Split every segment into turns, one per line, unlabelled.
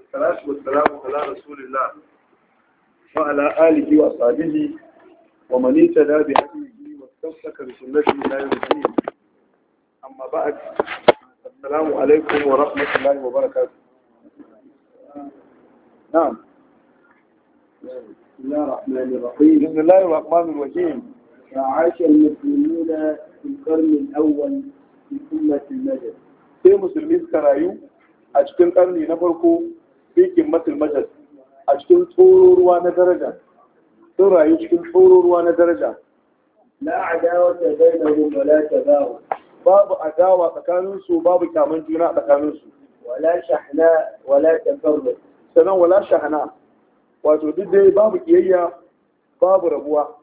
الصلاة والسلام على رسول الله وعلى آله وأصحابه ومن اهتدى بهديه
واستمسك بسنته إلى يوم الدين أما بعد السلام عليكم ورحمة الله وبركاته نعم بسم الله الرحمن الرحيم بسم الله الرحمن الرحيم عاش المسلمون في القرن الأول في أمة المجد sai
musulmi suka rayu a cikin ƙarni na farko bikin matul majas a cikin tsororuwa na daraja sun rayu cikin tsororuwa na daraja
la adawa ta bainahum wala tabawu
babu adawa tsakanin su babu kyaman juna a tsakanin su wala shahna wala tafarru sanan wala shahna wato duk dai babu kiyayya babu rabuwa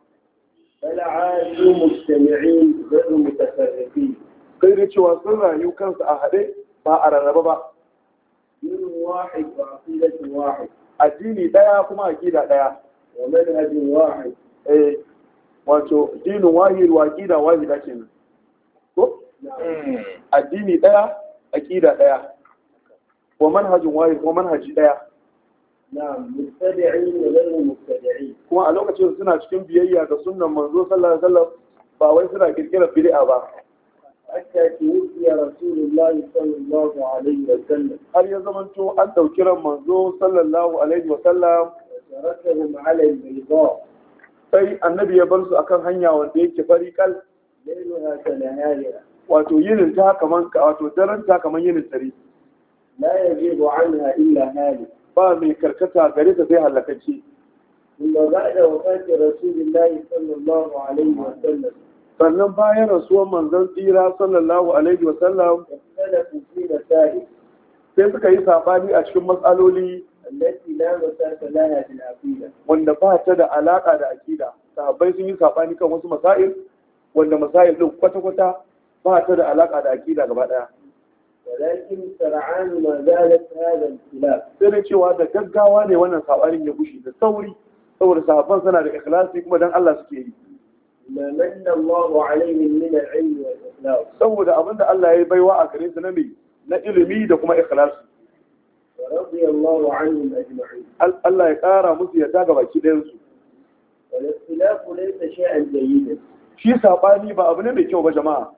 bal aashu
mujtami'in ghayr mutafarriqin sai dai cewa sun rayu kansu a haɗe ba a rarraba ba addini ɗaya kuma a gida ɗaya eh, wato dinin wahid wa aƙida wahida nan.
ko hmm.
addini ɗaya a gida ɗaya wa manhajin wahid wa manhaji ɗaya kuma a lokacin suna cikin biyayya ga sunan manzo sallallahu alaihi wasallam ba wai suna kirkirar bid'a ba
hatta tuwfiya rasulullahi sallallahu alaihi wa sallam har ya zamanto an dauki ran manzo sallallahu alaihi wa sallam
tarakahum ala al-bayda sai annabi ya bar su akan hanya wanda yake fari kal lailuha kalahariha wato yin ta kaman wato daren ta kaman yinin tare la
yajibu anha illa hali
ba mai karkata
gare ta sai halakaci inda ba'da wafati rasulillahi sallallahu alaihi wa sallam sannan bayan rasuwan manzan tsira sallallahu alaihi wasallam
sai suka yi sabani a cikin matsaloli wanda ba ta da alaka da akida sabai sun yi sabani kan wasu masail wanda masail din kwata-kwata ba ta da alaka da akida gaba daya
sai sar'an
sai cewa da gaggawa ne wannan sabanin ya bushe da sauri saboda sahabban suna da ikhlasi kuma dan Allah suke yi saboda abin da Allah ya yi baiwa a gare su na mai na ilimi da kuma ikhlasi Allah ya ƙara musu yadda ga baki ɗayansu shi saɓani ba abu ne mai kyau ba jama'a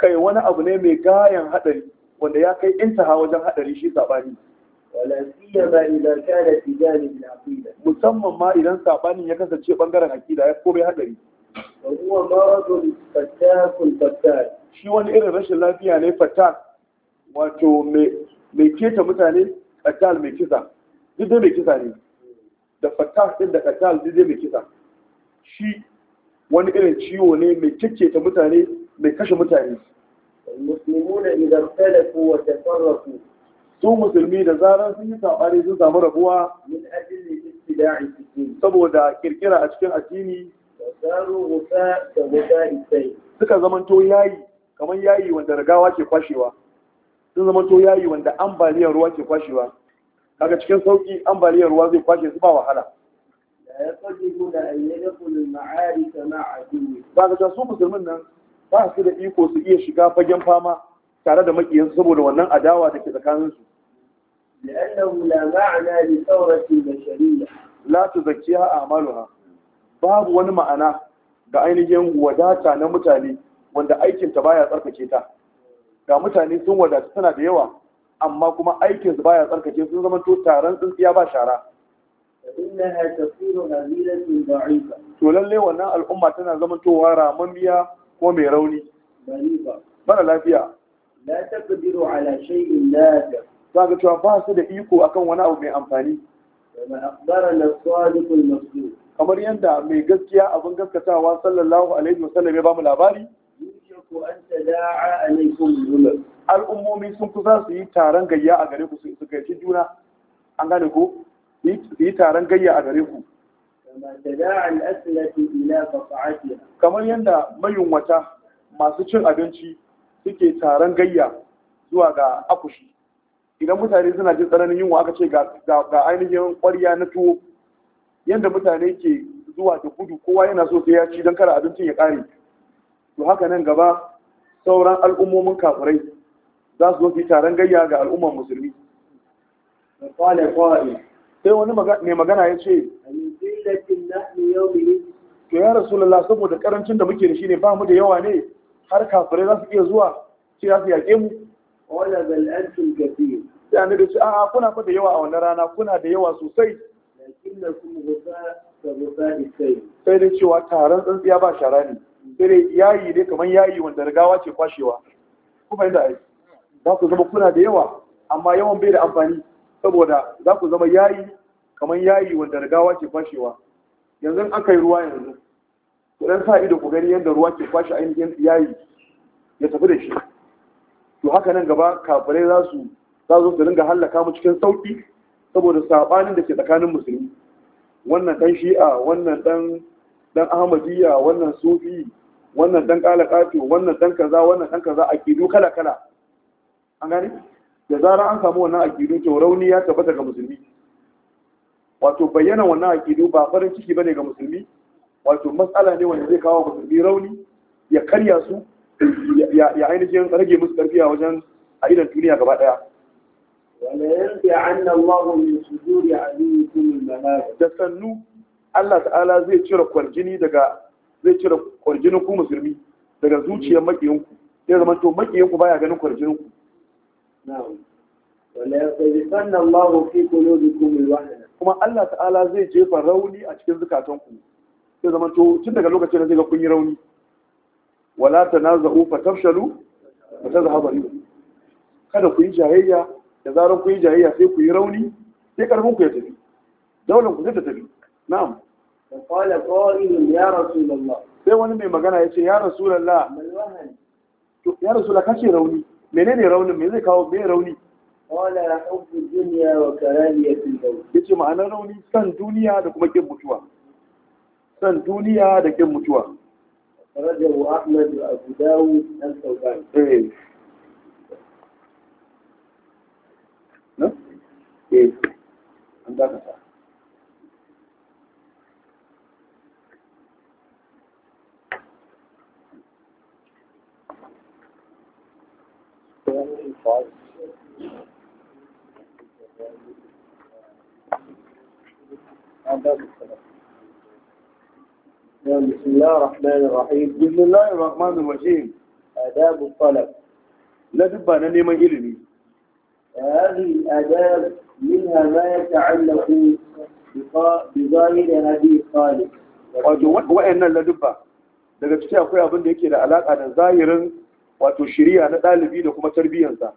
kai wani abu ne mai gayan haɗari wanda ya kai intaha wajen haɗari shi saɓani musamman ma idan sabanin ya kasance bangaren akida ya komai hadari shi wani irin rashin lafiya ne fatak wato mai keta mutane katal mai kisa duk mai kisa ne da fatak din da katal duk dai mai kisa shi wani irin ciwo ne mai kyakketa mutane mai kashe mutane musulmuna idan talafu wa tafarrafu su musulmi da zarar sun yi sabani sun samu rabuwa
min ajli
istida'i saboda kirkira a cikin addini suka zamanto yayi kamar yayi wanda ragawa ke kwashewa sun zamanto yayi wanda ambaliyar ruwa ke kwashewa kaga cikin sauki ambaliyar ruwa zai kwashe su ba wahala ba ga su musulmin nan ba su da iko su iya shiga fagen fama tare da makiyansu saboda wannan adawa da ke tsakaninsu
لأنه لا معنى لثورة بشرية
لا تزكيها wani ma'ana ga ainihin wadata na mutane wanda aikin ta baya tsarkake ta ga mutane sun wadata tana da yawa amma kuma aikin su baya tsarkake sun zama to taron tsintsiya ba shara innaha to lalle wannan al'umma tana zama to biya ko mai rauni Bana lafiya la taqdiru ala shay'in nafi ga cewa ba su da iko akan wani abu mai amfani kama akhbarana sadiqul masduq kamar yadda mai gaskiya abin gaskatawa sallallahu alaihi wasallam ya ba mu labari
yushaku an tada'a
alaikum zulal al'ummomi sun kusa su yi taron gayya a gare ku su gaishe juna an gane ku su yi taron gayya a gare ku kamar yadda mayunwata masu cin abinci suke taron gayya zuwa ga akushi idan mutane suna jin tsananin yunwa aka ce ga ainihin ƙwarya na tuwo yadda mutane ke zuwa da gudu kowa yana so sai ya ci don kara abincin ya ƙare to haka nan gaba sauran al'ummomin kafirai za su zofi taron gayya ga al'ummar musulmi sai wani mai magana ya ce to ya rasu saboda karancin da muke da shi ne ba mu da yawa ne har kafirai za su iya zuwa ce za su yaƙe mu wala bal antum kathir sai annabi ce a kuna fa da yawa a wannan rana kuna da yawa sosai lakinnakum ghufa ka ghufa isai sai da cewa taron tsantsiya ba shara ne sai dai yayi dai kamar yayi wanda rigawa ce kwashewa kuma inda ai za ku zama kuna da yawa amma yawan bai da amfani saboda za ku zama yayi kamar yayi wanda rigawa ce kwashewa yanzu aka yi ruwa yanzu ku ɗan sa ido ku gani yadda ruwa ke kwashe ainihin yayi ya tafi da shi to haka nan gaba kafirai za su za su dinga hallaka mu cikin sauki saboda sabanin da ke tsakanin musulmi wannan dan shi'a wannan dan dan ahmadiyya wannan sufi wannan dan kalakatu wannan dan kaza wannan dan kaza akidu kala kala an gani da zarar an samu wannan akidu to rauni ya tabbata ga musulmi wato bayyana wannan akidu ba farin ciki bane ga musulmi wato matsala ne wanda zai kawo musulmi rauni ya karya su ya ainihin rage musu karfi a wajen a idan duniya gaba daya da sannu Allah ta'ala zai cire kwarjini daga zai cire kwarjini ku musulmi daga zuciyar makiyanku zai zama to makiyanku baya ganin kwarjinin ku kuma Allah ta'ala zai jefa rauni a cikin zukatanku sai zama to tun daga lokacin da zai ga kunyi rauni wala tanaza'u fatafshalu ta tazhabu rihu kada ku yi jayayya da zarar ku yi jayayya sai ku yi rauni sai karfin ku ya tafi daular ku zai ta tafi na'am
qala qa'ilun ya
rasulullah sai wani mai magana ya ce ya rasulullah to ya rasulullah kace rauni menene raunin me zai kawo me rauni
qala hubbu dunya wa fi
al-maut yace ma'anar rauni san duniya da kuma kin mutuwa san duniya da kin mutuwa
rajahu ahmad abu dawud na eh. eh an dakata Thank you. بسم الله الرحمن الرحيم بسم الله الرحمن الرحيم آداب الطلب
لا تبقى أنا نيمان إلمي
هذه الآداب منها ما يتعلق بظاهر هذه الطالب wato
wa'annan ladubba daga ciki akwai abin da yake da alaƙa da zahirin wato shiriya na ɗalibi da kuma tarbiyyarsa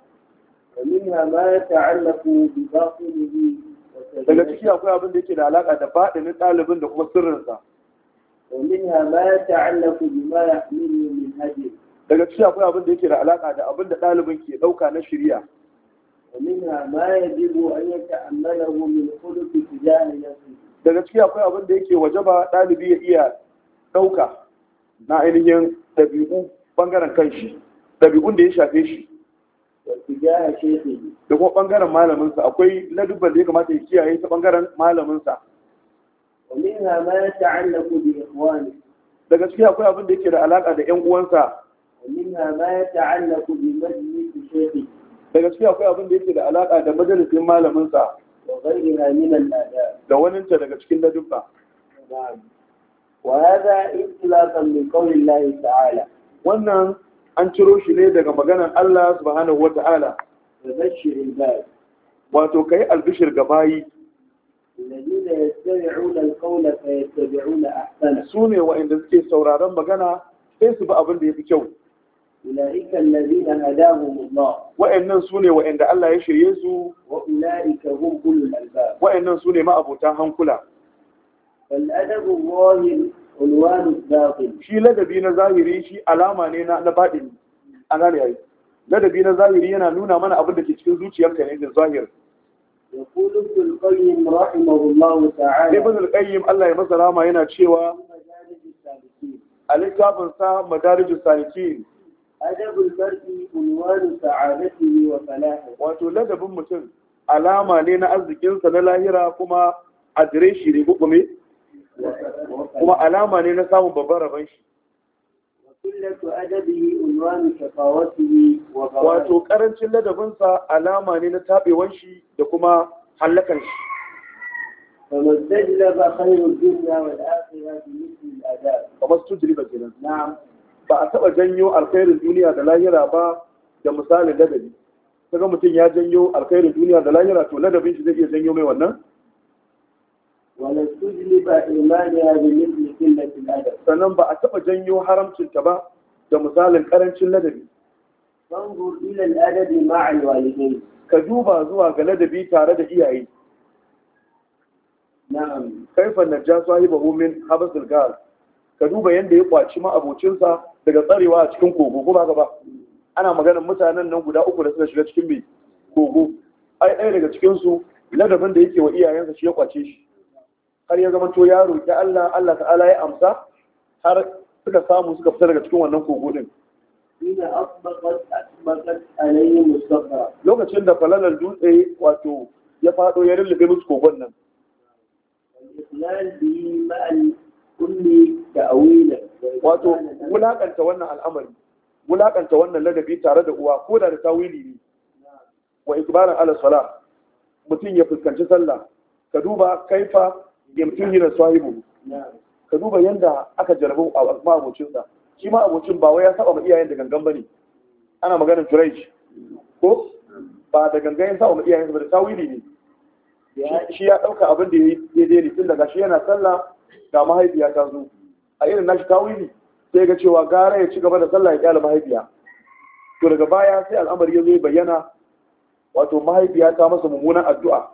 daga ciki akwai abin da yake da alaƙa da baɗinin ɗalibin da kuma sirrinsa ومنها ما يتعلق بما يحمله من هدي daga cikin akwai abin da yake da alaka da abin da ɗalibin ke ɗauka na shirya ومنها ما يجب أن يتأمله من خلق تجاه daga cikin akwai abin da yake wajaba ɗalibi ya iya ɗauka na ainihin ɗabi'u ɓangaren kanshi ɗabi'un da ya shafe shi da kuma ɓangaren malaminsa akwai ladubban da ya kamata ya kiyaye ta ɓangaren malaminsa
ومنها ما يتعلق بإخوانه
daga ciki akwai abin da yake da alaka da ƴan uwansa
ومنها ما يتعلق
بمجلس daga ciki akwai abin da yake da alaka da majalisin وغيرها من da wani ta daga cikin
وهذا
من قول الله تعالى wannan an ciro shi ne daga maganar Allah subhanahu wa ta'ala wato kai albishir ga bayi
su ne waɗanda suke sauraron magana sai su bi abin da ya fi kyau.
Wa'annan su ne wa'anda Allah ya shirye su wa'annan su ne ma'abotan hankula. Shi ladabi na zahiri shi alama ne na baɗin ladabi na zahiri yana nuna mana abin da ke cikin zuciyar ne da zahiri.
ibn
al-qayyim Allah ya masa rama yana cewa al-kitabun sa madarij salikin adabul farqi unwanu sa'adatihi wa salahihi wato ladabin mutum alama ne na arzikin sa na lahira kuma adreshi ne kuma alama ne na samun babbar rabon shi wato karancin ladabinsa alama ne na taɓewar shi da kuma hallakan shi kamar ba a taɓa janyo alkhairin duniya da lahira ba da misalin ladabi ga mutum ya janyo alkhairin duniya da lahira to ladabin shi zai iya janyo mai wannan
استجلب إيمانها بمثل قلة الأدب
sannan ba a taɓa janyo haramcin ta ba da misalin ƙarancin ladabi. Fanzur ila al'adabi ma'al walidai. Ka duba zuwa ga ladabi tare da iyaye. Na'am. Kaifan najja sahibahu min habasul gar. Ka duba yadda ya kwaci ma'abocinsa daga tsarewa a cikin kogo ko ba ba. Ana maganar mutanen nan guda uku da suka shiga cikin mai kogo. Ai ɗaya daga cikinsu ladabin da yake wa iyayensa shi ya kwace shi. har ya zama to ya roƙi Allah Allah ta'ala ya amsa har suka samu suka fita daga cikin wannan kogo din lokacin da falalar dutse wato ya fado ya lullube musu kogon nan wato wulakanta wannan al'amari wulakanta wannan ladabi tare da uwa ko da da tawili ne wa ikbaran ala sala mutum ya fuskanci sallah ka duba kaifa yamtihi da sahibu ka duba yanda aka jarabu a ma abocin sa shi ma abocin ba wai ya saba ma iyayen da gangan bane ana maganar turai ko ba da gangan ya saba ma iyayen ba da tawili ne shi ya dauka abin da ya daidai ne tun daga shi yana sallah ga mahaifiya ta zo a irin nashi tawili sai ga cewa gara ya ci gaba da sallah ya kyala mahaifiya to daga baya sai al'amari ya zo ya bayyana wato mahaifiya ta masa mummunan addu'a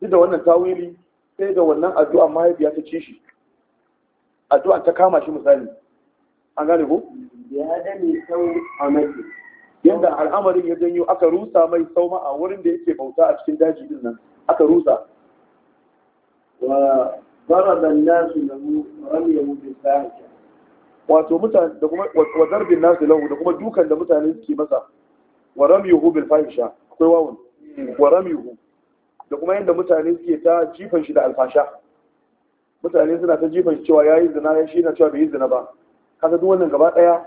duk da wannan tawili sai da wannan addu'a mahaifiya ta ci shi addu'a ta kama shi misali an gane ko ya dane sau a mace Yadda al'amarin ya janyo aka rusa mai sauma a wurin da yake bauta a cikin daji din nan aka rusa wa barada nasu lahu ramiyahu bil sahiha wato mutane da kuma wa darbin nasu lahu da kuma dukan da mutane suke masa wa ramiyuhu bil fahisha akwai wawun hmm. wa hu. da kuma yadda mutane suke ta jifan shi da alfasha mutane suna ta jifan shi cewa ya yi zina ya shi na cewa bai yi zina ba kasa duk wannan gaba daya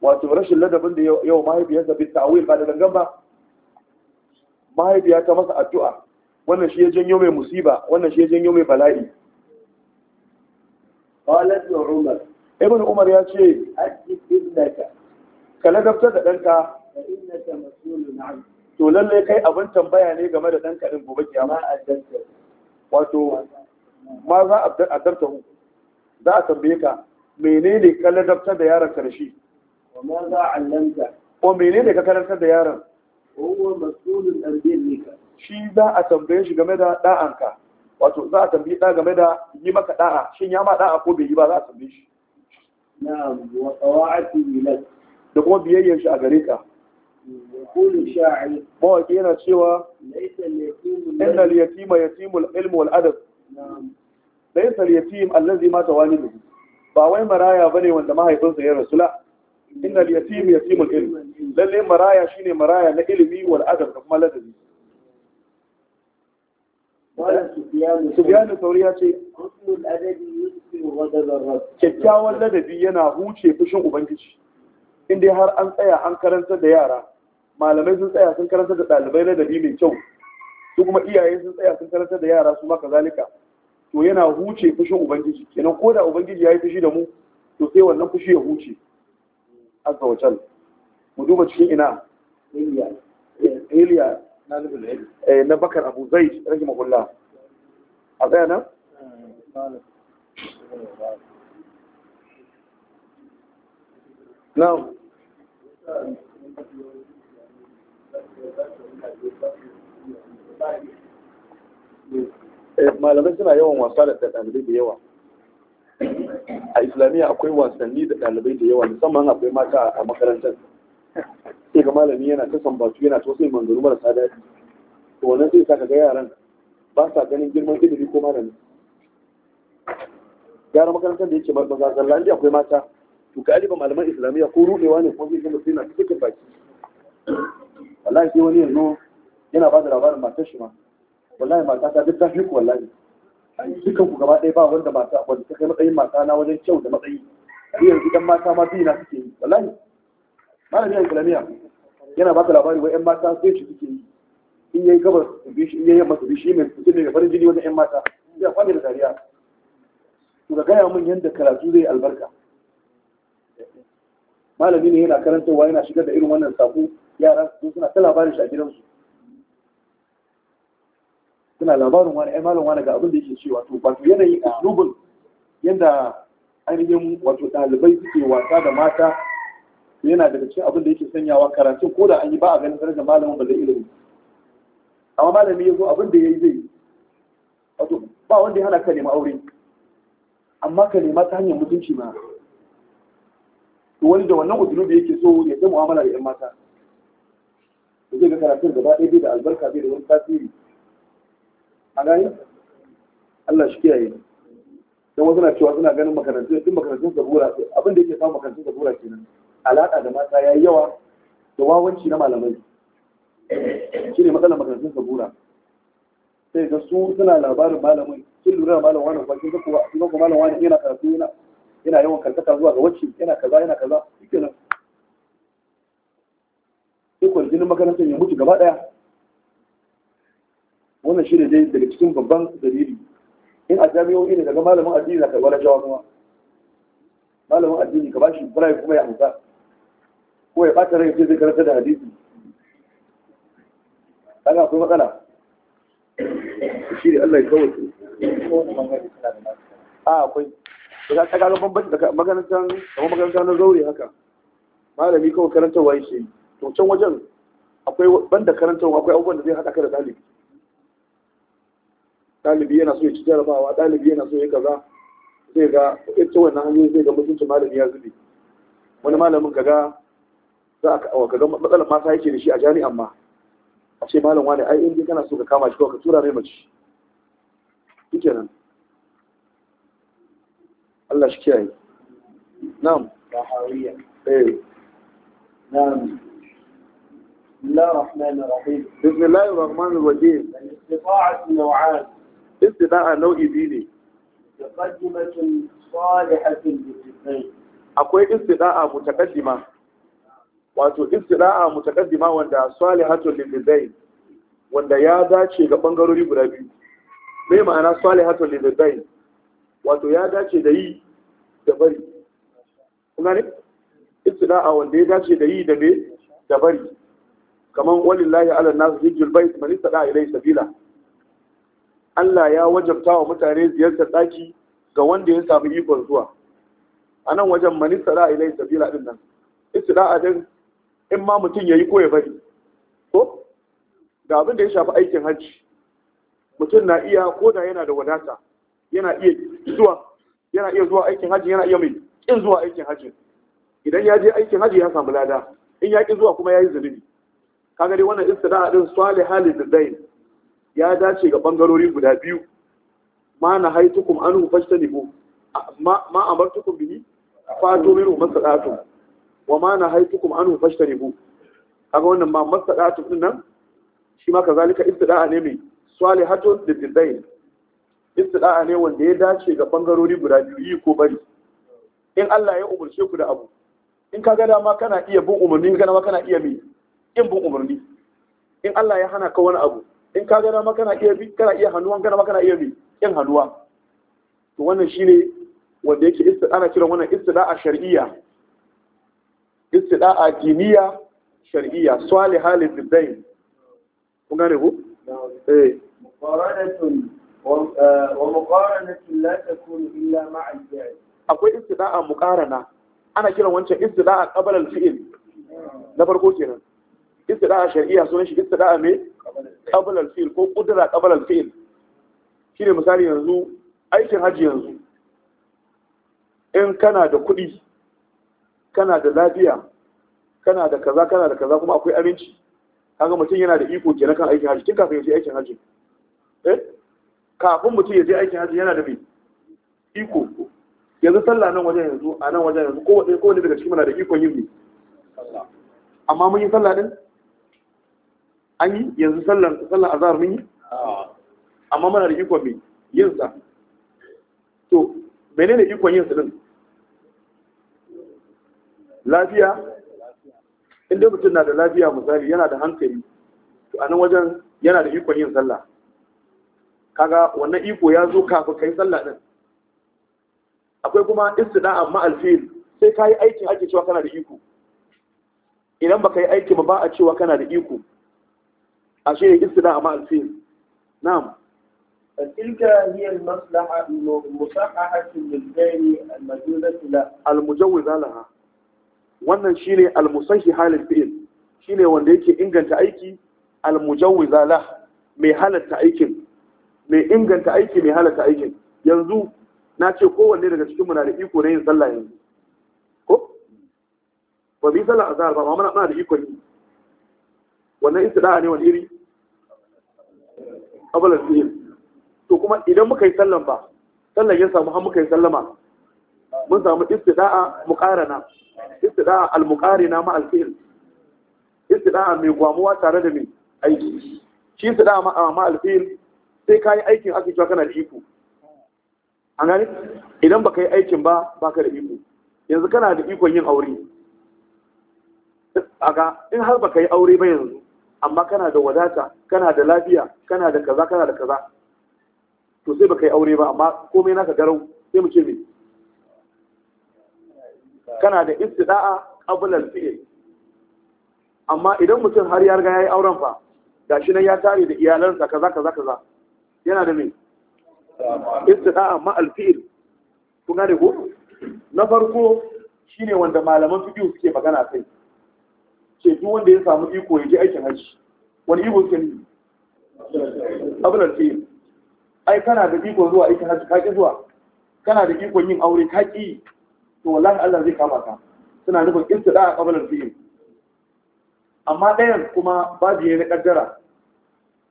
wato rashin ladabin da yau mahaifiyarsa bi awil ba da dangan ba mahaifiya ta masa addu'a wannan shi ya janyo mai musiba wannan shi ya janyo mai bala'i
qalat umar
ibn umar ya ce ajib ibnaka ka ladabta da danka fa innaka mas'ulun 'anhu to lalle kai abin tambaya ne game da dan kadin gobe kiyama wato ma za a addarta hu za a tambaye ka menene ka ladabtar da yaron karshe wa ma za a allanta ko menene ka karantar da yaron huwa mas'ulun ne ka. shi za a tambaye shi game da da'anka wato za a tambayi da game da yi maka da'a shin ya ma da'a ko bai yi ba za a tambaye shi na'am wa qawa'ati lak da kuma biyayyar shi a gare ka mawaƙi yana cewa inna al-yatima yatimul ilmu wal adab laysa al-yatim allazi mata walidu ba wai maraya bane wanda mahaifinsa ya rasu la inna al-yatim yatimul ilm lalle maraya shine maraya na ilimi wal adab da kuma ladabi Sufiyanu Sauri ya ce, Kyakkyawan ladabi yana huce fushin Ubangiji, inda har an tsaya an karanta da yara, malamai sun tsaya sun karanta da ɗalibai na dabi mai kyau su kuma iyaye sun tsaya sun karanta da yara su maka zalika to yana huce fushin ubangiji kenan ko da ubangiji ya yi fushi da mu to sai wannan fushi ya huce azza wa jal mu duba cikin ina iliya na eh, na bakar abu zai rage mahulla
a tsaya nan na'am
Eh, malamai suna yawan wasa da ɗalibai da yawa a islamiyya akwai wasanni da ɗalibai da yawa musamman akwai mata a makarantar sai ga malami yana ta sambatu yana ta sai marasa daɗi to wannan sai sa ga yaran ba sa ganin girman ilimi ko malami gara makarantar da yake maza zalla inda akwai mata to galiban malaman islamiyya ko ruɗewa ne ko zai gama sai na cikin baki wallahi sai wani yanzu yana ba da labarin matar shi ma wallahi mata ta duk ta fi ku wallahi dukan ku gaba ɗaya ba wanda mata wanda ta kai matsayin mata na wajen kyau da matsayi sai yanzu dan mata ma biyu na suke yi wallahi malami yan kulamiya yana ba da labari wai yan mata sai shi suke yi in yayi gabar su bi shi in yayi yamma su bi shi mai su ne farin jini wajen yan mata ya kwalle da dariya to ga gaya min yadda karatu zai albarka malami ne yana karantarwa yana shigar da irin wannan sako yara su suna ta labarin shi a gidansu suna labarin wani ai malam wani ga abin da yake ce wato wato yanayin uslubin yadda ainihin wato ɗalibai suke wasa da mata yana daga cikin abin da yake sanyawa karatu ko da an yi ba a ganin sanar da malamin ba zai ilimi amma malami ya zo abin da ya yi zai wato ba wanda ya hana ka nema aure amma ka nema ta hanyar mutunci ma wani da wannan da yake so ya ga mu'amala da 'yan mata da zai ga karatun gaba ɗaya bai da albarka bai da wani tasiri a gani Allah shi kiyaye don wasu na cewa suna ganin makarantun duk makarantun zabura abin da yake samun makarantun zabura kenan alaƙa da mata ya yi yawa da wawanci na malamai shi ne matsalar makarantun zabura sai ga su suna labarin malamin sun lura da malam wani kwakin zakuwa malam wani yana karatu yana yawan karkata zuwa ga wacce yana kaza yana kaza kenan jinin makarantar ya mutu gaba ɗaya wannan shi ne dai daga cikin babban dalili in a jami'o'i ne daga malamin addini na karɓar rajawa kuma malamin addini ka bashi firayi kuma ya amsa ko ya bata rai zai karanta da hadisi kaga akwai matsala shi ne Allah ya kawai a akwai da ta kaga bambanci daga maganar kamar makarantar na zaure haka malami kawai karantarwa shi to can wajen akwai banda karantar akwai abubuwan da zai haɗa ka da ɗalibi ɗalibi yana so ya ci jarabawa ɗalibi yana so ya kaza zai ga ita wannan hanyoyi zai ga mutuncin malami ya zube wani malamin kaga za a kaga matsalar mata yake da shi a jami'an ma a ce malam wani ai in kana so ka kama shi kawai ka tura mai mace shike nan Allah shi kiyaye
na'am tahawiyya eh na'am بسم الله الرحمن الرحيم بسم الله الرحمن الرحيم استطاعة نوعان
استطاعة نوع بيني
متقدمة صالحة للجسمين
akwai istida'a متقدمة wato istida'a mutaqaddima wanda salihatun lil wanda ya dace ga bangarori guda biyu me ma'ana salihatun lil wato ya dace da yi da bari istida'a wanda ya dace da yi da me da bari kaman walillahi ala nasu hijjul bait man istada ilai sabila Allah ya wajabta wa mutane ziyartar daki ga wanda ya samu ikon zuwa a nan wajen man istada ilai sabila din nan da adin in ma mutum ya ko ya bari ko ga abin da ya shafi aikin hajji mutum na iya ko da yana da wadata yana iya zuwa yana iya zuwa aikin hajji yana iya mai kin zuwa aikin hajji idan ya je aikin hajji ya samu lada in ya ki zuwa kuma ya yi zunubi kaga dai wannan istira'a din salihan lidain ya dace ga bangarori guda biyu ma na haitukum anhu fajtanibu ma ma amartukum bihi fatu masu masadatu wa ma na haitukum anhu fajtanibu kaga wannan ma masadatu din nan shi ma kazalika istida'a ne mai salihatun lidain istida'a ne wanda ya dace ga bangarori guda biyu yi ko bari in Allah ya umurce ku da abu in kaga dama kana iya bin umarni kana ma kana iya mai In bin umarni in Allah ya hana ka wani abu in ka gana maka kana iya bi kana iya hannuwa kana maka na iya bi kin hannuwa to wannan shine wanda yake ana kiran wannan istida'a shar'iyya istida'a diniya shar'iyya saliha lil bidain kun gane ko
eh muqaranatun eh, wa muqaranatun la takunu illa ma'a al-fi'l akwai istida'a
muqarana ana kiran wancan istida'a qabala al-fi'l na farko kenan istida'a shar'iyya sunan shi istida'a me qabl al-fi'l ko qudra qabl al-fi'l shine misali yanzu aikin haji yanzu in kana da kuɗi kana da lafiya kana da kaza kana da kaza kuma akwai aminci kaga mutum yana da iko kenan kan aikin haji Kin kafin ya je aikin haji eh kafin mutum ya je aikin haji yana da mai iko yanzu sallah nan wajen yanzu a nan wajen yanzu kowane daga cikin muna da ikon yin mai amma mun yi sallah din an yi yanzu sallar sallar azhar mun yi ah. amma muna da ikon mai yin sa to menene ikon yin sa lafiya inda mutum na da lafiya misali yana da hankali to a nan wajen yana da ikon yin sallah kaga wannan iko ya zo kafin kai sallah din akwai kuma istida'a amma alfil sai kai aikin ake cewa kana da iko idan baka yi aiki ba ba a cewa kana da iko ashe istida a ma'al fil na'am
تلك هي المصلحة المصححة للدين المجوزة
لها المجوزة لها wannan shine almusahi halin shi ne wanda yake inganta aiki almujawiza la mai halatta aikin mai inganta aiki mai halatta aikin yanzu na ce kowanne daga cikin mu na da iko na yin sallah yanzu ko ba bi sallah azhar ba amma muna da iko ne wannan istida'a ne wani iri qabla al-fi'l to kuma idan muka yi sallan ba sallan ya samu har muka yi sallama mun samu istida'a muqarana istida'a al na ma al-fi'l istida'a mai gwamuwa tare da mai aiki shi istida'a ma ma al-fi'l sai ka yi aikin aka cewa kana da iko an gani idan baka yi aikin ba baka da iko yanzu kana da ikon yin aure aga in har baka yi aure ba yanzu amma kana da wadata kana da lafiya kana da kaza kana da kaza to sai baka yi aure ba amma komai naka garau sai mu ce me kana da istida'a qabla al-fi'l amma idan mutum har ya riga yayi auren fa gashi nan ya tare da iyalansa kaza kaza kaza yana da me istida'a ma al-fi'l kun gane ko na farko shine wanda malaman fiqh suke magana kai ce duk wanda ya samu iko ya je aikin hajji wani iko suke nufi abin alfiyin ai kana da iko zuwa aikin hajji ka ƙi zuwa kana da iko yin aure ka ƙi to wallahi Allah zai kama ka suna nufin da a qablan fi'il amma ɗayan kuma babu yayin ƙaddara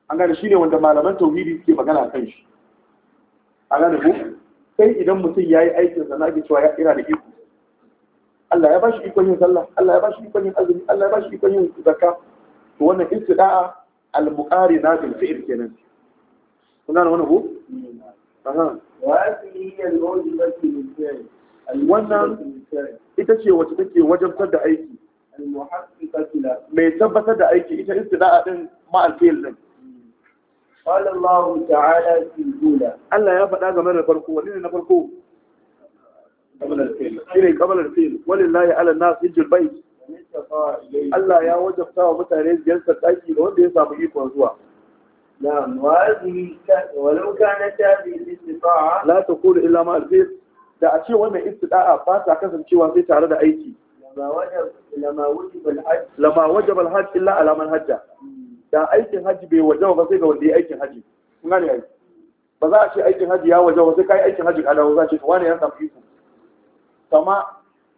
an gane shine wanda malaman tauhidi suke magana kan shi a gane ku sai idan mutum ya yi aikin na ke cewa yana da iko Allah ya bashi ikon yin sallah Allah ya bashi ikon yin azumi Allah ya bashi ikon yin zakka to wannan istida'a al-muqarina bil fi'l kenan kuna wannan ko aha
wa asli al-mawjibati min fi'l
wannan ita ce wacce take wajabtar da aiki mai tabbatar da aiki ita istida'a din ma al-fi'l din
قال الله تعالى في الأولى
الله يا game da farko wani ne na farko
shine
kabalar fil walillahi ala nas hijjul bait Allah ya wajabta wa mutane ziyartar ɗaki da wanda ya samu ikon zuwa نعم وهذه ولو
كانت هذه الاستطاعة
لا تقول إلا ما أرسلت da a ce wannan istida'a ba ta kasancewa sai tare da aiki lama wajab alhaj illa ala man hajja da aikin hajji bai wajaba ba sai ga wanda ya aikin hajji. kun gane ai ba za a ce aikin hajji ya wajaba sai kai aikin hajji haji ala za a ce wani ya samu iko kama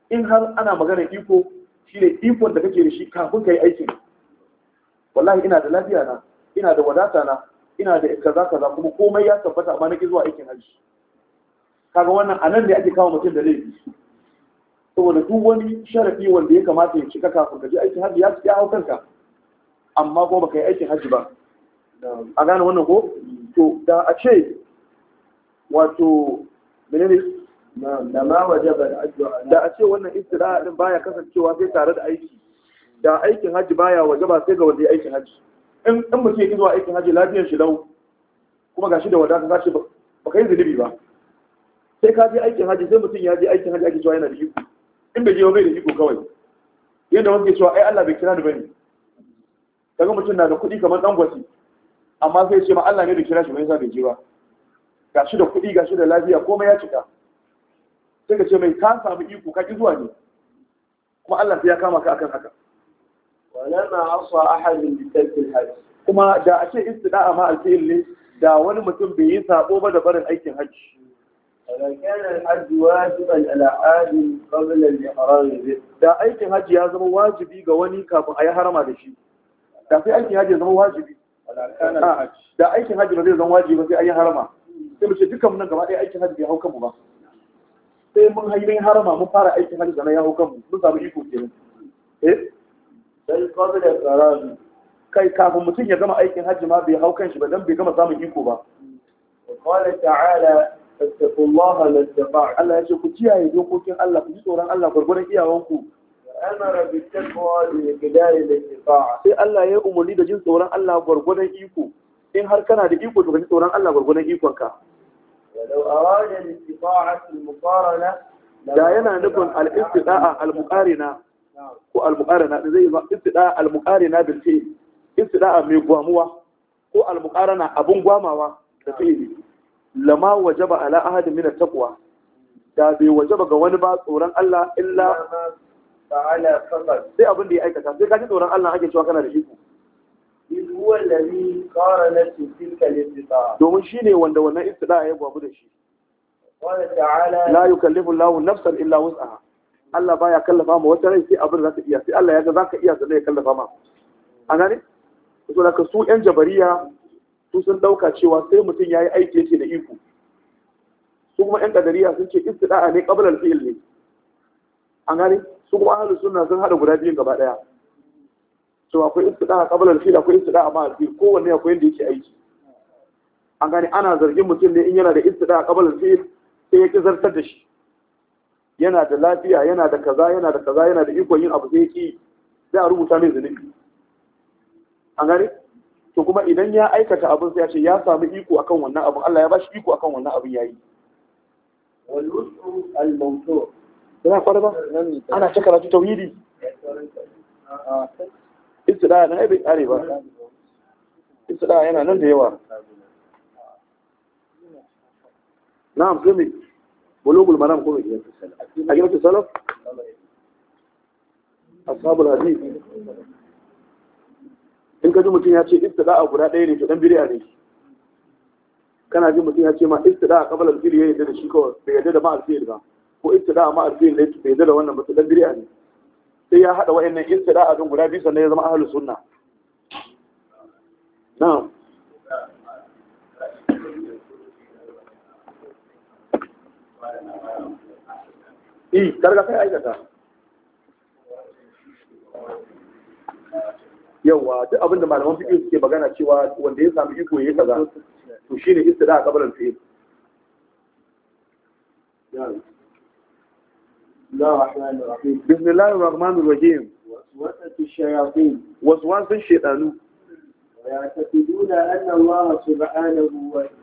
in har ana magana iko shi ne ikon da kake da shi kafin ka yi aikin wallahi ina da lafiya na ina da wadata na ina da kaza kaza kuma komai ya tabbata amma nake zuwa aikin hajji kaga wannan a nan da ake kawo mutum da laifi saboda duk wani sharafi wanda ya kamata ya cika kafin ka je aikin hajji ya hau kanka amma kuma baka yi aikin hajji ba a gane wannan ko to da a ce wato menene da ma waje ba da a ce wannan istira'a din baya kasancewa sai tare da aiki da aikin hajji baya ba sai ga wanda ya aikin hajji in in mutum yake zuwa aikin hajji lafiyar shi lau kuma gashi da wadata ka ce ba kai zunubi ba sai ka je aikin hajji sai mutum ya je aikin hajji ake cewa yana da iko in bai je ba bai da iko kawai yadda wanda ke cewa ai Allah bai kira ni bane kaga mutum na da kuɗi kamar dan gwaji. amma sai ce ma Allah ne da kira shi ba yasa bai je ba gashi da kuɗi gashi da lafiya komai ya cika sai ka ce mai ka samu iko ka ki zuwa ne kuma Allah sai ya kama ka akan haka walama asa ahadin bi tarkil hajj kuma da a ce istida'a ma alfi'il ne da wani mutum bai yi sabo ba da barin aikin hajji da aikin hajji ya zama wajibi ga wani kafin a yi harama da shi da sai aikin hajji ya zama wajibi da aikin hajji ba zai zama wajibi ba sai an yi harama sai mu ce dukkan nan gaba ɗaya aikin hajji bai hauka mu ba sai mun hanyoyin harama mun fara aikin hali da na yawo kanmu mun samu iko kenan eh
sai qabla qarari
kai kafin mutum ya gama aikin hajji ma bai hau kanshi ba dan bai gama samun iko ba qala ta'ala fattaqullaha lastafa Allah ya ce ku kiyaye dokokin Allah ku ji tsoron Allah gurgurun iyawanku amara bi taqwa li qidari al-istifa'a sai Allah ya umarni da jin tsoron Allah gurgurun iko in har kana da iko to ka ji tsoron Allah gurgurun ikonka
Da yana nufin المقارنة لا ينا نكون الاستطاعة
المقارنة ko al-muqarana zai istida al-muqarana bil fi'l istida mai gwamuwa ko al-muqarana abun gwamawa da fi'li lama wajaba ala ahadin min at-taqwa da bai wajaba ga wani ba tsoron Allah illa sai abin da ya aikata sai ka tsoron Allah ake cewa kana da shi ko domin shi ne wanda wannan istida ya gwabu da shi la yukallifu Allahu nafsan illa wus'aha Allah baya kallafa ma wata rai sai abin da zaka iya sai Allah ya ga zaka iya sai ya kallafa ma a gane to da su yan jabariya su sun dauka cewa sai mutum yayi aiki yake da iko su kuma yan kadariya sun ce istida'a ne qabla al-fi'l ne an gane su kuma ahlus sunna sun hada guda biyun gaba daya To akwai istida a kabalar fil akwai istida a ma'al fil kowanne akwai yadda yake aiki an gane ana zargin mutum ne in yana da istida a kabalar fil sai ya ki zartar da shi yana da lafiya yana da kaza yana da kaza yana da ikon yin abu sai ya ki za a rubuta mai zunubi an gane to kuma idan ya aikata abin sai ya ce ya samu iko akan wannan abin Allah ya bashi iko akan wannan abin yayi
wal wus'u al mawtu'
kwarba ana cika ratu tauhidi istida na bai kare ba istida yana nan da yawa na amfani mai bulugul maram ko mai a gidan salaf ashabul hadith in ka ji mutum ya ce istida a guda ɗaya ne to biri bid'a ne kana ji mutum ya ce ma istida a qabla al ya yi da shi kawai bai yadda da ma'arfiyar ba ko istida a ma'arfiyar ne bai yadda da wannan ba to dan bid'a ne sai ya haɗa wa'annan istida'a don guda biyu sannan ya zama ahlus sunna na'am eh karga kai aikata yawa duk abin malaman fiƙe suke magana cewa wanda ya sami iko ya kaza to shine istida a kabarin fi'il bismillahir rahmanir rahim waswasin shaidanu ويعتقدون أن الله سبحانه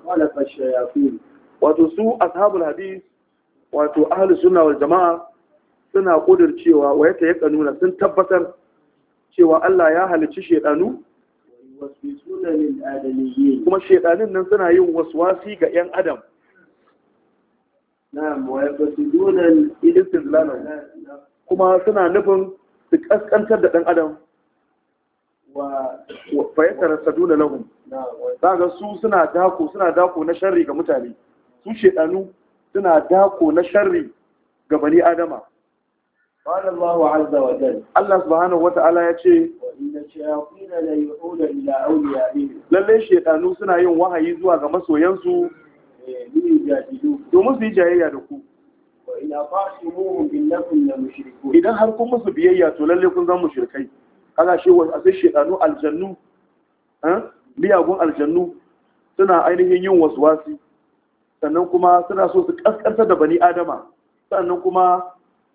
خلق الشياطين wato su ashabul hadis wato ahlus sunna jama'a suna kudur cewa wa yata yaka nuna sun tabbatar cewa Allah ya halicci shedanu kuma shedanin nan suna yin waswasi ga yan adam kuma suna nufin su kaskantar da ɗan adam wa saduna lahun lahum daga su suna dako suna dako na sharri ga mutane su shedanu suna dako na sharri ga bani adama
Allah الله عز وجل
الله سبحانه وتعالى yace inna suna yin wahayi zuwa ga masoyansu domin su yi jayayya da ku idan har kun musu biyayya to lalle kun zama mushrikai Kada shi wa sai shekaru aljannu biyagun eh, miyagun aljannu suna ainihin yin wasu wasi, sannan kuma suna so su kaskantar da bani adama sannan kuma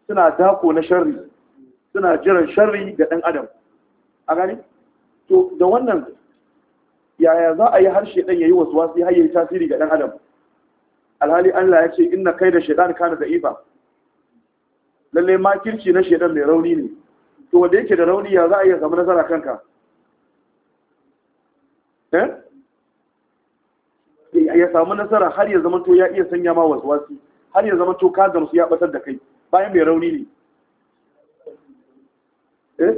suna dako na sharri suna jiran sharri ga dan adam a gani to da wannan yaya za a yi harshe dan yayi wasi, har yi tasiri ga dan adam alhali Allah ya ce inna kai da shaidan kana da ifa lalle makirci na shaidan mai rauni ne to wanda yake da rauni ya za a iya samu nasara kanka eh ya samu nasara har ya zama to ya iya sanya ma waswasi har ya zama to ka gamsu ya batar da kai bayan mai rauni ne eh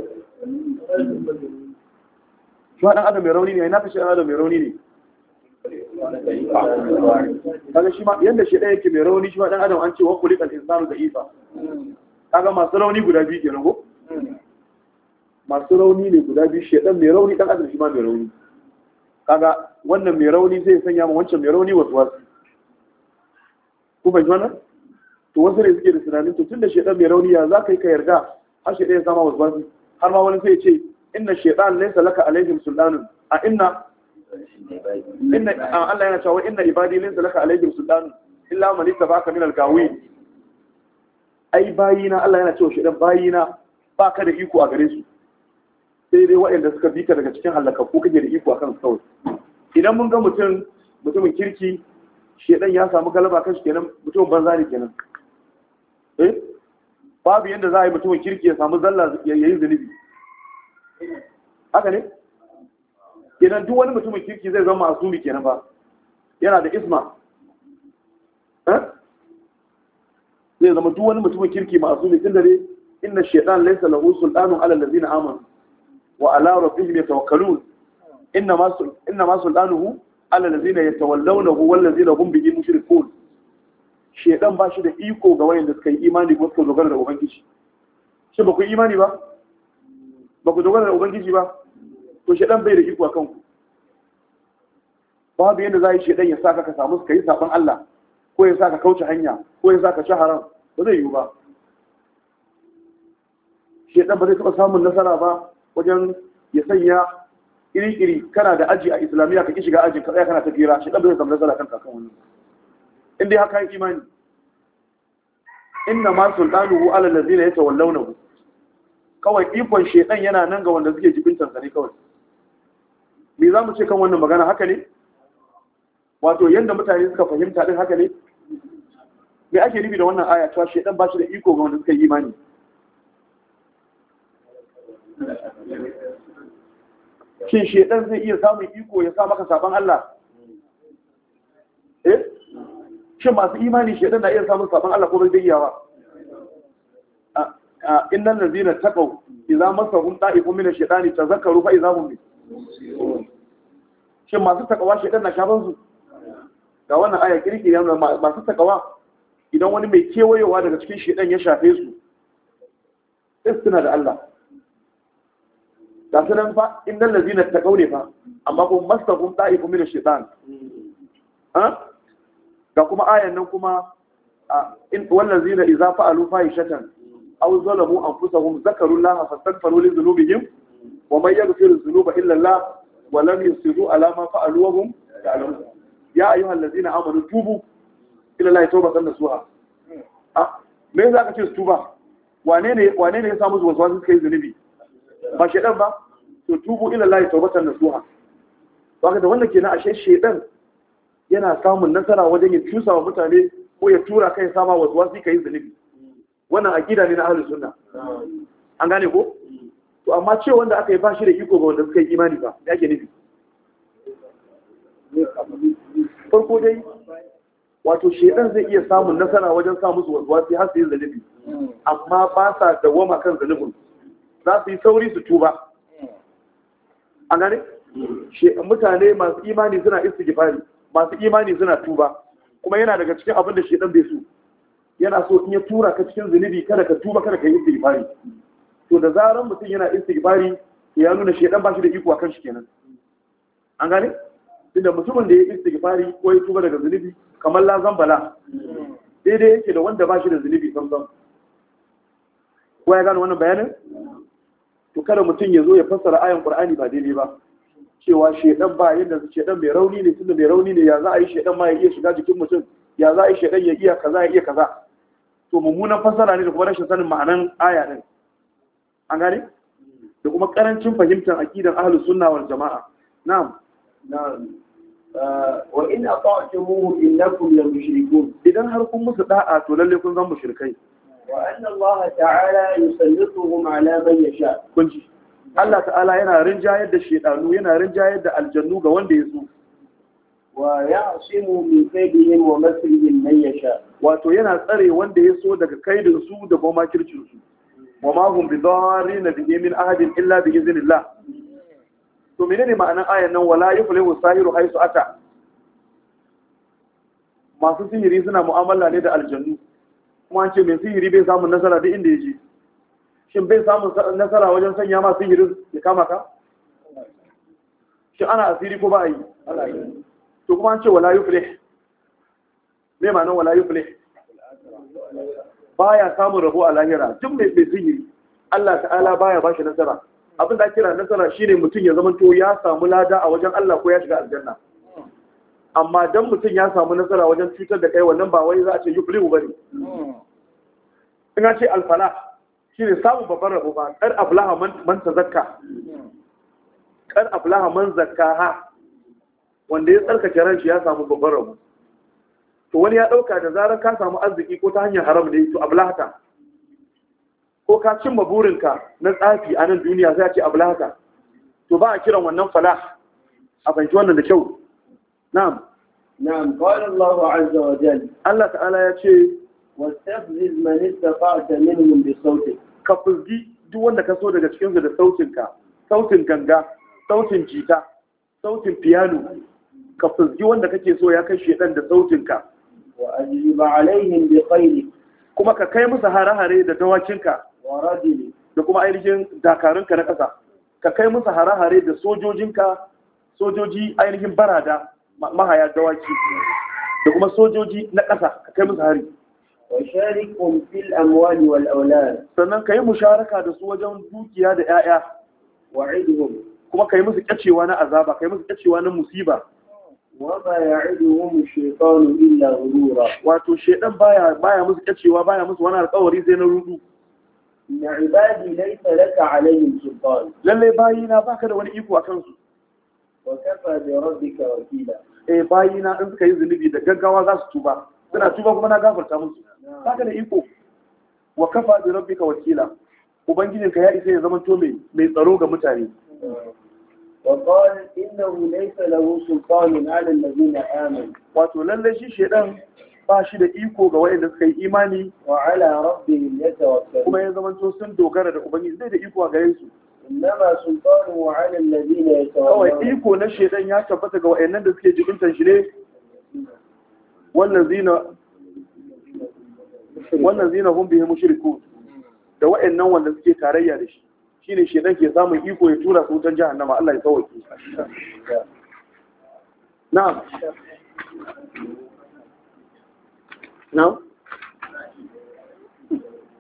shi wa adam mai rauni ne ai na fi shi adam mai rauni ne kaga shi ma yanda shi ɗaya yake mai rauni shi ma ɗan adam an ce wa kulikal insanu da ifa kaga masu rauni guda biyu kenan ko masu rauni ne guda biyu shi ɗan mai rauni ɗan adam shi ma mai rauni kaga wannan mai rauni zai sanya ma wancan mai rauni wasu wasu ku fahimci wannan to wasu ne suke da tunanin to tunda shi ɗan mai rauni ya za ka yi ka yarda har shi ɗaya ya sama wasu wasu har ma wani sai ya ce inna ɗan laisa laka alaihim sultanun a inna inna ah, Allah yana cewa inna ibadi laysa laka alaihim sultan illa man ittaba'aka min al-gawin ai bayina Allah yana cewa shedan bayina baka da iko a gare su sai dai waɗanda suka bi ka daga cikin halakakku kake da iko akan kawai idan mun ga mutum mutumin kirki shedan ya samu galaba kan shi kenan mutumin banza ne kenan eh babu yanda za a yi mutumin kirki ya samu zalla ya yi zunubi haka ne kenan duk wani mutumin kirki zai zama asumi kenan ba yana da isma eh? zai zama duk wani mutumin kirki masumi tun da ne inna shaitan laysa lahu sultanun ala allazina amanu wa ala rabbihim yatawakkalun inna ma inna ma sultanuhu ala allazina yatawallawnahu wal ladzina hum bihi mushrikun shaitan ba shi da iko ga wayanda suka yi imani ko suka dogara da ubangiji shi ba ku imani ba ba ku dogara da ubangiji ba to shedan bai da iko a kanku babu yadda za yi shedan ya saka ka samu ka yi saban Allah ko ya saka kauce hanya ko ya saka ci haram ba zai yiwu ba shedan ba zai taɓa samun nasara ba wajen ya sanya iri-iri kana da aji a islamiyya ka ki shiga ajin ka tsaya kana ta gira shedan ba zai samu nasara kan kakan wani in dai haka yi imani inna ma sultanuhu ala allazina yatawallawnahu kawai ikon shedan yana nan ga wanda suke jibin tantare kawai me za mu ce kan wannan magana haka ne wato yadda mutane suka fahimta din haka ne me ake nufi da wannan aya cewa shedan ba shi da iko ga wanda suka yi imani shin shedan zai iya samun iko ya sa maka saban Allah eh shin masu imani shedan na iya samun saban Allah ko bai iya ba innal ladzina taqaw idza masahum ta'ifun min ash-shaytani tazakkaru fa idza hum shin masu takawa shaidan na shafan su ga wannan aya kirkiri masu takawa idan wani mai kewayewa daga cikin shaidan ya shafe su istina da Allah gasu nan fa inda lazina ta kaune fa amma kuma mastakun ɗa'ifu min shaitan ga kuma ayan nan kuma wannan zina iza fa'alu fahishatan aw zalamu anfusahum zakarullaha fastaghfiru li dhunubihim wa may yaghfiru dhunuba illa Allah walam yusiru ala ma fa'alu wa hum ya'lamun ya ayyuhal ladzina amanu tubu ila Allah tawbatan nasuha ah me za ka ce su tuba wane ne wane ne ya samu zuwa zuwa suka yi zunubi ba shedan ba to tubu ila Allah tawbatan nasuha baka da wanda kenan ashe shedan yana samun nasara wajen ya cusa wa mutane ko ya tura kai sama wasu wasu kai zunubi wannan aqida ne na ahlus sunna an gane ko to amma ce wanda aka yi ba shi da iko ba wanda suka yi imani ba ya ke nufi farko dai wato shedan zai iya samun nasara wajen samun su waswasi har su yi zalibi amma ba sa dawama kan zalibin za su yi sauri su tuba A gane mutane masu imani suna istighfari masu imani suna tuba kuma yana daga cikin abin da shedan bai so yana so in ya tura ka cikin zunubi kada ka tuba kada ka yi istighfari to da zaran mutum yana istighfari ya nuna shi dan bashi da iko akan shi kenan an gane inda mutumin da ya istighfari ko ya tuba daga zunubi kamar la zambala daidai yake da wanda bashi da zunubi samsam ko ya gane wannan bayanin to kada mutum ya zo ya fassara ayan qur'ani ba daidai ba cewa shedan ba yadda shedan mai rauni ne tunda mai rauni ne ya za a yi shedan ma ya iya shiga jikin mutum ya za a yi shedan ya iya kaza ya iya kaza to mummunan fassara ne da kuma rashin sanin ma'anan aya din an gane da kuma karancin fahimtar aqidar ahlus sunna wal jama'a na'am
na'am uh, wa in ata'tumuhu
innakum la mushrikun idan har kun musu da'a to lalle kun zan mushrikai
wa anna Allah ta'ala yusallituhum ala man yasha kun ji Allah ta'ala yana rinjayar
da shedanu yana rinjayar da aljannu ga wanda ya so wa ya'simu min kaydihim wa masrihim man yasha wato yana tsare wanda ya so daga kaidin su da kuma makircin su wa ma hum bidarrina bihi min ahadin illa bi iznillah to menene ma'anar ayan nan wala yuflihu sahiru haisu ata masu sihiri suna mu'amala ne da aljannu kuma an ce mai sihiri bai samun nasara da inda ya je shin bai samun nasara wajen sanya ma sihirin ya kama ka shin ana asiri ko ba a yi to kuma an ce wala yuflih me ma'anar wala yuflih baya samun rabo a lahira duk mai mai Allah ta'ala baya bashi nasara abin da kira nasara shine mutum ya zama to ya samu lada a wajen Allah ko ya shiga aljanna amma dan mutum ya samu nasara wajen cutar da kai wannan ba wai za a ce yublihu bane in Ina ce alfala shine samu babban rabo ba kar aflaha man tazakka kar aflaha man zakka ha! wanda ya tsarkake shi ya samu babban rabo to wani ya ɗauka da zarar ka samu arziki ko ta hanyar haram ne to ablahata ko ka cimma burinka na tsafi a nan duniya sai a ce ablahata to ba a kiran wannan falah a fahimci wannan da kyau na'am
na'am qala Allahu azza wa jalla Allah ta'ala ya ce wastafziz man istata'ta minhum
bi sautik ka fuzgi duk wanda ka so daga cikin su da sautinka sautin ganga sautin jita sautin piano ka fuzgi wanda kake so ya kashe dan da sautinka wa ajlib alaihim bi khaylik kuma ka kai musu harahare da dawakinka wa rajuli da kuma ainihin dakarunka na ƙasa ka kai musu harahare hare da sojojinka sojoji ainihin barada mahaya dawaki da kuma sojoji na ƙasa ka kai musu hari
wa sharikum fil amwali wal
aulad sannan kai musharaka da su wajen dukiya da 'ya'ya. wa idhum kuma kai musu kacewa na azaba kai musu kacewa na musiba ya ya'iduhum ash shekaru illa ghurura wato shaytan baya baya musu kacewa baya musu wani alƙawari sai na rudu na ibadi laysa laka alaihim sultan lalle bayina baka da wani iko a kansu. wa kafa bi rabbika wakila eh bayina in suka yi zunubi da gaggawa za su tuba suna tuba kuma na gafarta musu baka da iko wa kafa bi rabbika wakila ubangijinka ya isa ya zama to mai tsaro ga mutane
وقال إنه ليس له سلطان على الذين آمنوا وتلل
شي شيطان bashi da iko ga wayanda suka yi imani wa ala rabbihim yatawakkalun kuma ya zama to sun dogara da ubangiji zai da iko a gare su innama sultanu wa ala alladhina yatawakkalun kawai iko na shedan ya tabbata ga wayannan da suke jibintan shi ne wallazina wallazina hum bihi mushrikun da wayannan wanda suke tarayya da shi shine ɗan ke samun iko ya tura su wutar jahannama Allah ya
tsawaki na'am na'am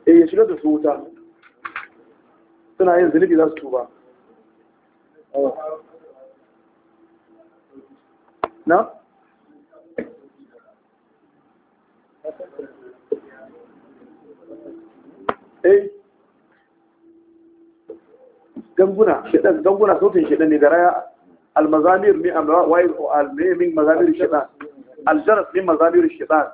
eh ya shiga da
su wuta suna yin zunubi za su tuba na? eh ganguna shidan ganguna sautin shidan ne garaya almazamir ne amma wayar almay min mazamir shedan aljaras min mazamir shedan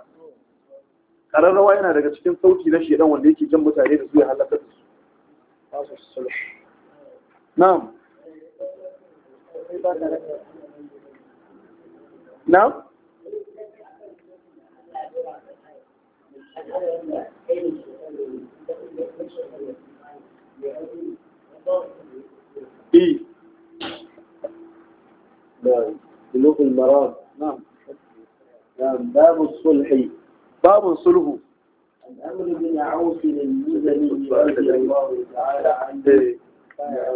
kararrawa yana daga cikin sauti na shidan wanda yake jan mutane da su ya halaka su na'am
na'am Thank you. eh da bulugul maram na'am babu sulhi babu sulhu الأمر بن عوف المزني رضي الله تعالى عنه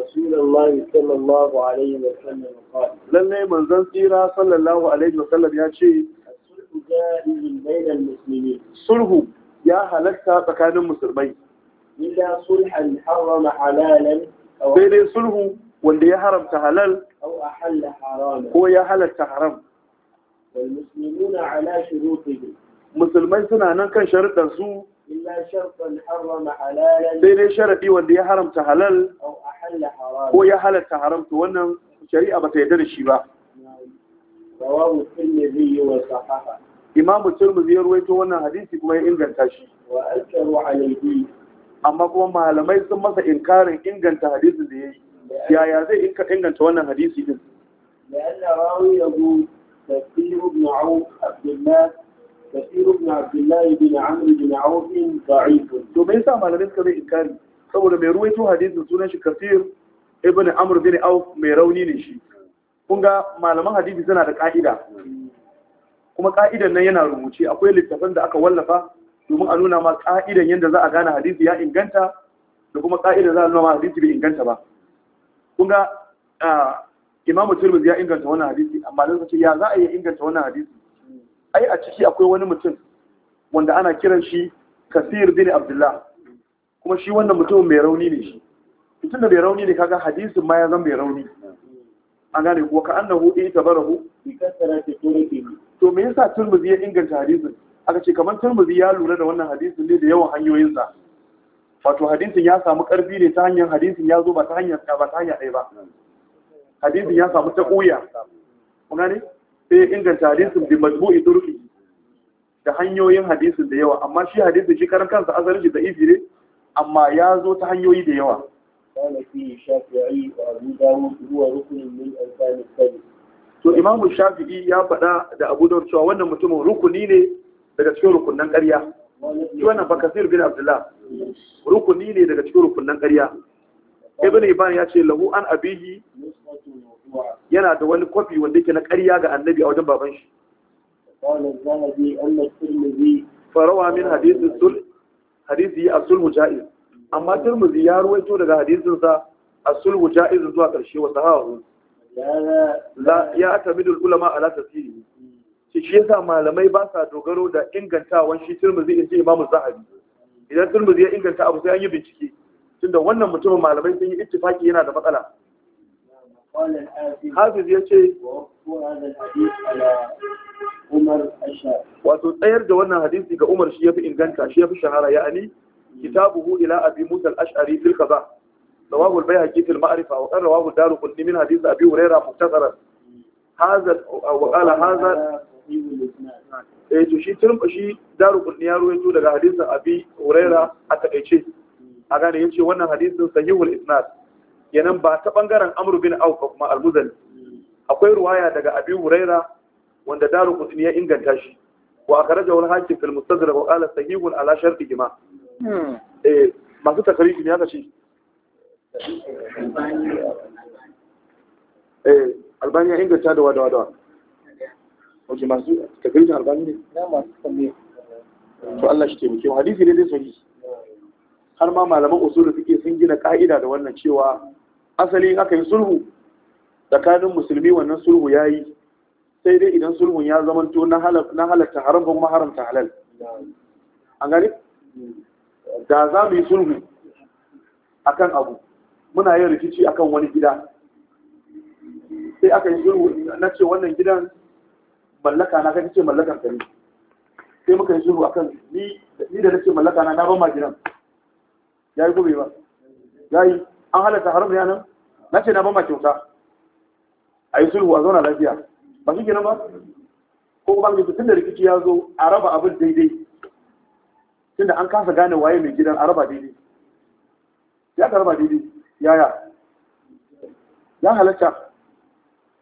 رسول الله صلى الله عليه وسلم قال لن من زنسيرا صلى الله عليه وسلم يا شيء الصلح
جائز بين المسلمين صلح يا هلكت تكان المسلمين illa sulhan harrama halalan sai dai sulhu wanda ya haramta halal ko ya halarta haram والمسلمون على شروطهم musulmai suna nan kan sharuɗar su
sai dai
sharaɗi wanda ya haramta halal ko ya halatta haramta wannan shari'a ba ta yarda da shi ba imamu turmuzi ya ruwaito wannan hadisi kuma ya inganta shi Wa amma kuma malamai sun masa inkarin inganta hadisi da ya yi yaya zai inganta wannan hadisi din
لأن راويه to me yasa malamai suka
bai inkari saboda mai ruwaito hadisin sunan shi kafir ibn amur bin auf mai rauni ne shi kun ga malaman hadisi suna da ka'ida kuma ka'idan nan yana rubuce akwai littafan da aka wallafa domin a nuna ma ƙa'idan yadda za a gane hadisi ya inganta da kuma ƙa'idan za a nuna ma hadisi bai inganta ba kun ga imamu Turbiz ya inganta wannan hadisi amma da ce ya za a iya inganta wannan hadisi ai a ciki akwai wani mutum wanda ana kiran shi kasir bin abdullah kuma shi wannan mutum mai rauni ne shi mutum da mai rauni ne kaga hadisin ma ya zama mai rauni an gane ko ka annahu in tabarahu bi kasarati turmizi to me yasa Turbiz ya inganta hadisin aka ce kamar turmuzi ya lura da wannan hadisin ne da yawan hanyoyinsa wato hadisin ya samu karfi ne ta hanyar hadisin ya zo ba ta hanyar ba ta hanyar ɗaya ba hadisin ya samu ta ƙuya kuma ne sai ya inganta hadisin bi majmu'i turki da hanyoyin hadisin da yawa amma shi hadisin shi karan kansa asalin shi da ifi ne amma ya zo ta hanyoyi da yawa to imamu shafi'i ya faɗa da abu cewa wannan mutumin rukuni ne daga cikin rukunan ƙarya shi wannan fa kasir bin abdullah rukuni ne daga cikin rukunan ƙarya ibn ibn ya ce lahu an abihi yana da wani kwafi wanda yake na ƙarya ga annabi a wajen baban shi
farawa min hadisin sul
hadisi a sulhu ja'iz amma turmuzi ya ruwaito daga hadisinsa a sulhu ja'iz zuwa ƙarshe wa sahawa Ya ya atamidu ulama ala tasirihi shi yasa malamai ba sa dogaro da ingantawan shi turmuzi in ce imamu zahabi idan turmuzi ya inganta abu sai an yi bincike tunda wannan mutumin malamai sun yi ittifaki yana da matsala
hafiz ya ce
wato tsayar da wannan hadisi ga umar shi ya fi inganta shi ya fi shahara ya ya'ani kitabuhu ila abi musa al-ash'ari fil kaza رواه البيهقي في المعرفة وقال رواه الدار قلني من حديث أبي هريرة مختصرا هذا وقال هذا
eh
to shi turba shi daru kunni ya ruwaito daga hadisin abi huraira a takaice a gane yace wannan hadisin sahihul isnad kenan ba ta bangaren amr bin auf ba kuma al-muzani akwai ruwaya daga abi huraira wanda daru kunni ya inganta shi wa akhrajahu al-hakim fil mustadrak wa qala sahihun ala sharti jima hmm. eh masu takarifi ne aka ce eh albani ya inganta da wadawa wajen masu tafiyar da albani ne na masu tambaye to Allah shi taimake mu hadisi ne dai sahihi har ma malaman usul suke sun gina ka'ida da wannan cewa asali in aka yi sulhu tsakanin musulmi wannan sulhu ya yi, sai dai idan sulhun ya to na halatta haram ko maharamta halal an gani da za mu yi sulhu akan abu muna yin rikici akan wani gida sai aka yi sulhu na ce wannan gidan mallaka na kai ce mallaka ka ne sai muka yi shiru akan ni ni da nake mallaka na na ban ma gidan Ya yi gobe ba yi, an halatta haram ya nan na ce na ban ma kyauta a yi sulhu a zauna lafiya ba shi gina ba ko ba ga tun da rikici ya zo a raba abin daidai Tun da an kasa gane waye mai gidan a raba daidai ya ka raba daidai yaya ya halatta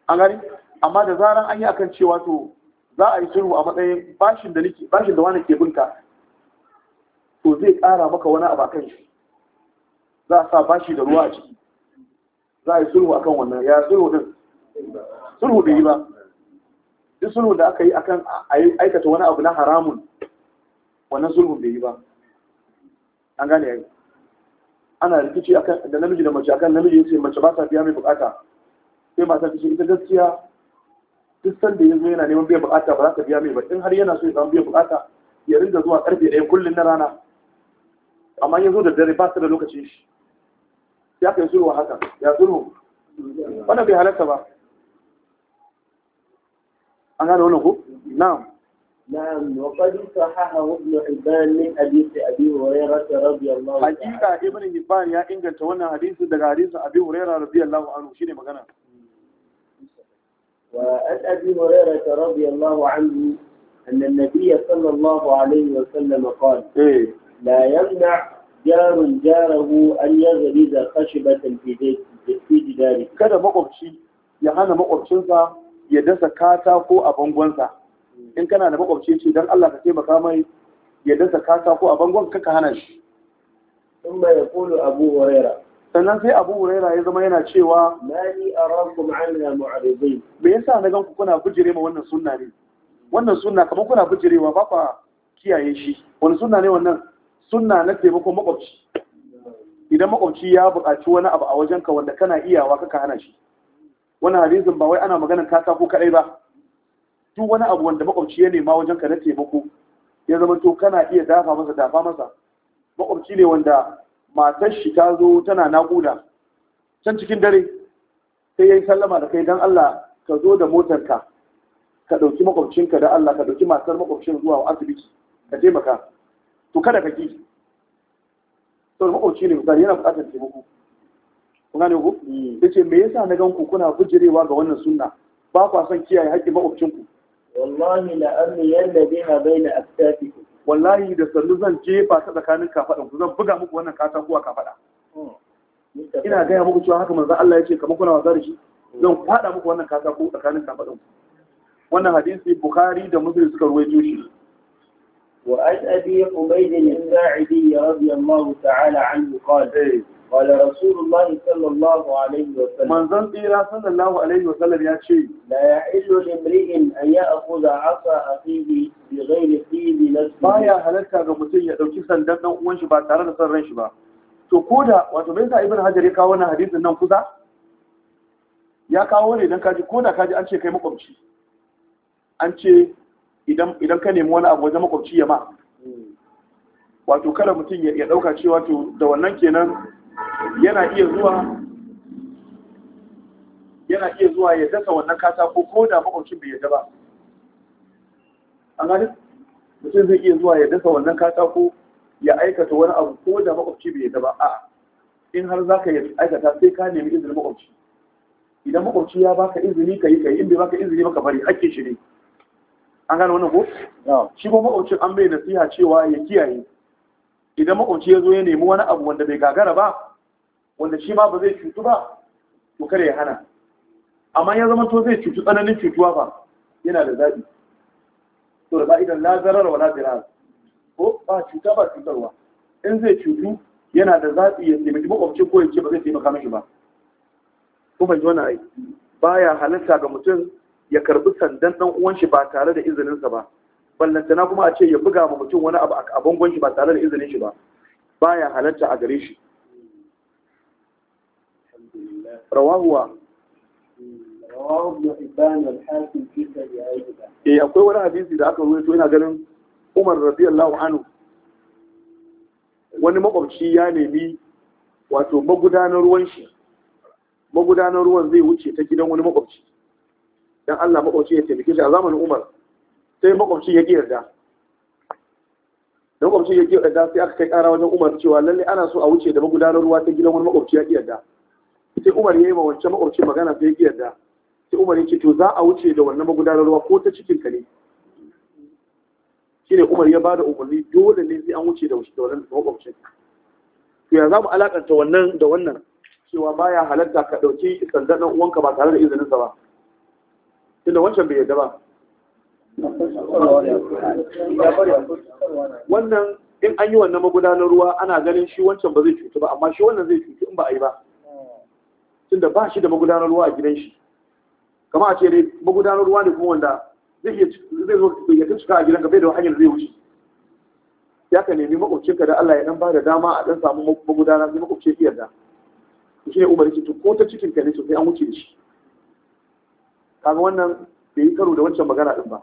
an gani amma da zaran an yi akan cewa to za a yi sulhu a matsayin bashin da nake bashin da wani ke binka to zai ƙara maka wani abu akan shi za a sa bashi da ruwa a ciki za a yi sulhu akan wannan ya sulhu din sulhu bai yi ba duk sulhu da aka yi akan aikata wani abu na haramun wannan sulhu bai yi ba an gane ya ana rikici akan da namiji da mace akan namiji yace mace ba ta biya mai bukata sai mata ta ce ita gaskiya duk sanda ya zo yana neman biyan bukata ba za ka biya mai ba in har yana so ya samu biyan bukata ya ringa zuwa karfe ɗaya kullum na rana amma ya zo da dare ba su da lokacin shi ya kai sulhu haka ya sulhu wannan bai halarta ba an gane wannan ko na'am
نعم وقد صححه ابن حبان من حديث ابي هريره رضي الله عنه
حقيقه ابن حبان يا انجلت wannan hadisi daga hadisin abi hurairah radiyallahu anhu shine magana
وعن أبي هريرة رضي الله عنه أن النبي صلى الله عليه وسلم قال لا يمنع جار جاره أن يغرز خشبة في جداره كذا مقبشي
يهانا مقبشنسا يدس كاتاكو أبنغوانسا in kana da makwabci ce don Allah ka taimaka mai ya dasa katako a bangon kaka hana shi.
Sun bai kulu Abu Huraira.
sannan sai abu huraira ya zama yana cewa
mani arakum
anna mu'arizai me yasa na ganku kuna bujire ma wannan sunna ne wannan sunna kamar kuna bijirewa ba kwa kiyaye shi wani sunna ne wannan sunna na taimakon makwabci idan makwabci ya buƙaci wani abu a wajenka wanda kana iyawa kaka hana shi wannan hadisin ba wai ana maganar kasa ko kadai ba duk wani abu wanda makwabci ya nema wajenka na taimako ya zama to kana iya dafa masa dafa masa makwabci ne wanda matar shi ta zo tana naƙuda can cikin dare sai ya yi sallama da kai don Allah ka zo da motarka ka ɗauki makwabcinka da Allah ka ɗauki matar makwabcin zuwa asibiti ka taimaka to kada ka ki to makwabci ne misali yana buƙatar taimako ku gane ku ta hmm. ce me yasa na ganku kuna bujirewa ga wannan sunna ba kwa son kiyaye haƙƙin makwabcinku
wallahi na amni yalla
biha baina aktafikum wallahi da sannu zan jefa ta tsakanin kafaɗan ku zan buga muku wannan katako a kafaɗa ina gaya muku cewa haka manzo Allah ya ce kamar kuna wasa da shi zan faɗa muku wannan katako tsakanin kafaɗan ku wannan hadisi bukhari da muslim suka ruwaito shi
وعن ابي حميد الساعدي رضي الله تعالى عنه قال Wala Rasulullah sallallahu alaihi wa sallam. Manzon tsira sallallahu alaihi wa sallam ya ce. La ya illu limri'in an ya akuza asa akhihi bi
ghairi tibi nasbi. Baya halatta ga mutum ya dauki sandan dan uwan shi ba tare da san ran shi ba. To koda wato bai sa Ibn Hajar ya kawo wannan hadisin nan kusa? Ya kawo ne dan kaji koda kaji an ce kai makwabci. An ce idan ka nemi wani abu wajen makwabci ya ma wato kada mutum ya ɗauka cewa to da wannan kenan yana iya zuwa yana iya zuwa ya dasa wannan katako ko da makwabcin bai yadda ba an gani mutum zai iya zuwa ya dasa wannan katako ya aikata wani abu ko da makwabci bai yadda ba a in har za ka yi aikata sai ka nemi izinin makwabci idan makwabci ya baka izini ka yi ka yi in bai baka izini baka bari hakkin shi ne an gani wannan ko shi ko makwabcin an bai nasiha cewa ya kiyaye idan makwabci ya zo ya nemi wani abu wanda bai gagara ba wanda shi ma ba zai cutu ba to kare ya hana amma ya zama to zai cutu tsananin cutuwa ba yana da zaɓi to da ba'idan la zarar wa la ko ba cuta ba cutarwa in zai cutu yana da zaɓi ya taimaki makwabci ko ya ce ba zai taimaka mashi ba ko ban ji wani ai baya halitta ga mutum ya karbi sandan dan uwan shi ba tare da izininsa ba ballantana kuma a ce ya buga ma mutum wani abu a bangon shi ba tare da izinin shi ba baya halatta a gare shi rawahuwa eh akwai wani hadisi da aka to yana ganin Umar radiyallahu anhu wani makwabci ya nemi wato magudanar ruwan shi magudanar ruwan zai wuce ta gidan wani makwabci dan Allah makwabci ya taimake shi a zamanin Umar sai makwabci ya ƙi yarda da makwabci ya ƙi yarda sai aka kai ƙara wajen umar cewa lalle ana so a wuce da magudanar ruwa ta gidan wani makwabci ya ƙi yarda sai umar ya yi ma wancan makwabci magana sai ya ƙi yarda sai umar ya ce to za a wuce da wannan magudanar ruwa ko ta cikin ka ne shine umar ya bada umarni dole ne sai an wuce da wannan makwabcin to ya za mu alakanta wannan da wannan cewa baya halatta ka ɗauki sandan uwanka ba tare da izininsa ba tunda wancan bai yarda ba
wannan
in an yi wannan magudanar ruwa ana ganin shi wancan ba zai cutu ba amma shi wannan zai cutu in ba a yi ba tunda ba shi da magudanar ruwa a gidan shi kama a ce ne magudanar ruwa ne kuma wanda zai zo ya ta cika a gidan ka bai da hanyar zai wuce ya ka nemi makwabcinka da Allah ya dan ba da dama a dan samu magudanar sai makwabci ya yarda shi ne umar cikin ko ta cikin ka ne sai an wuce da shi kaga wannan bai yi karo da wancan magana din ba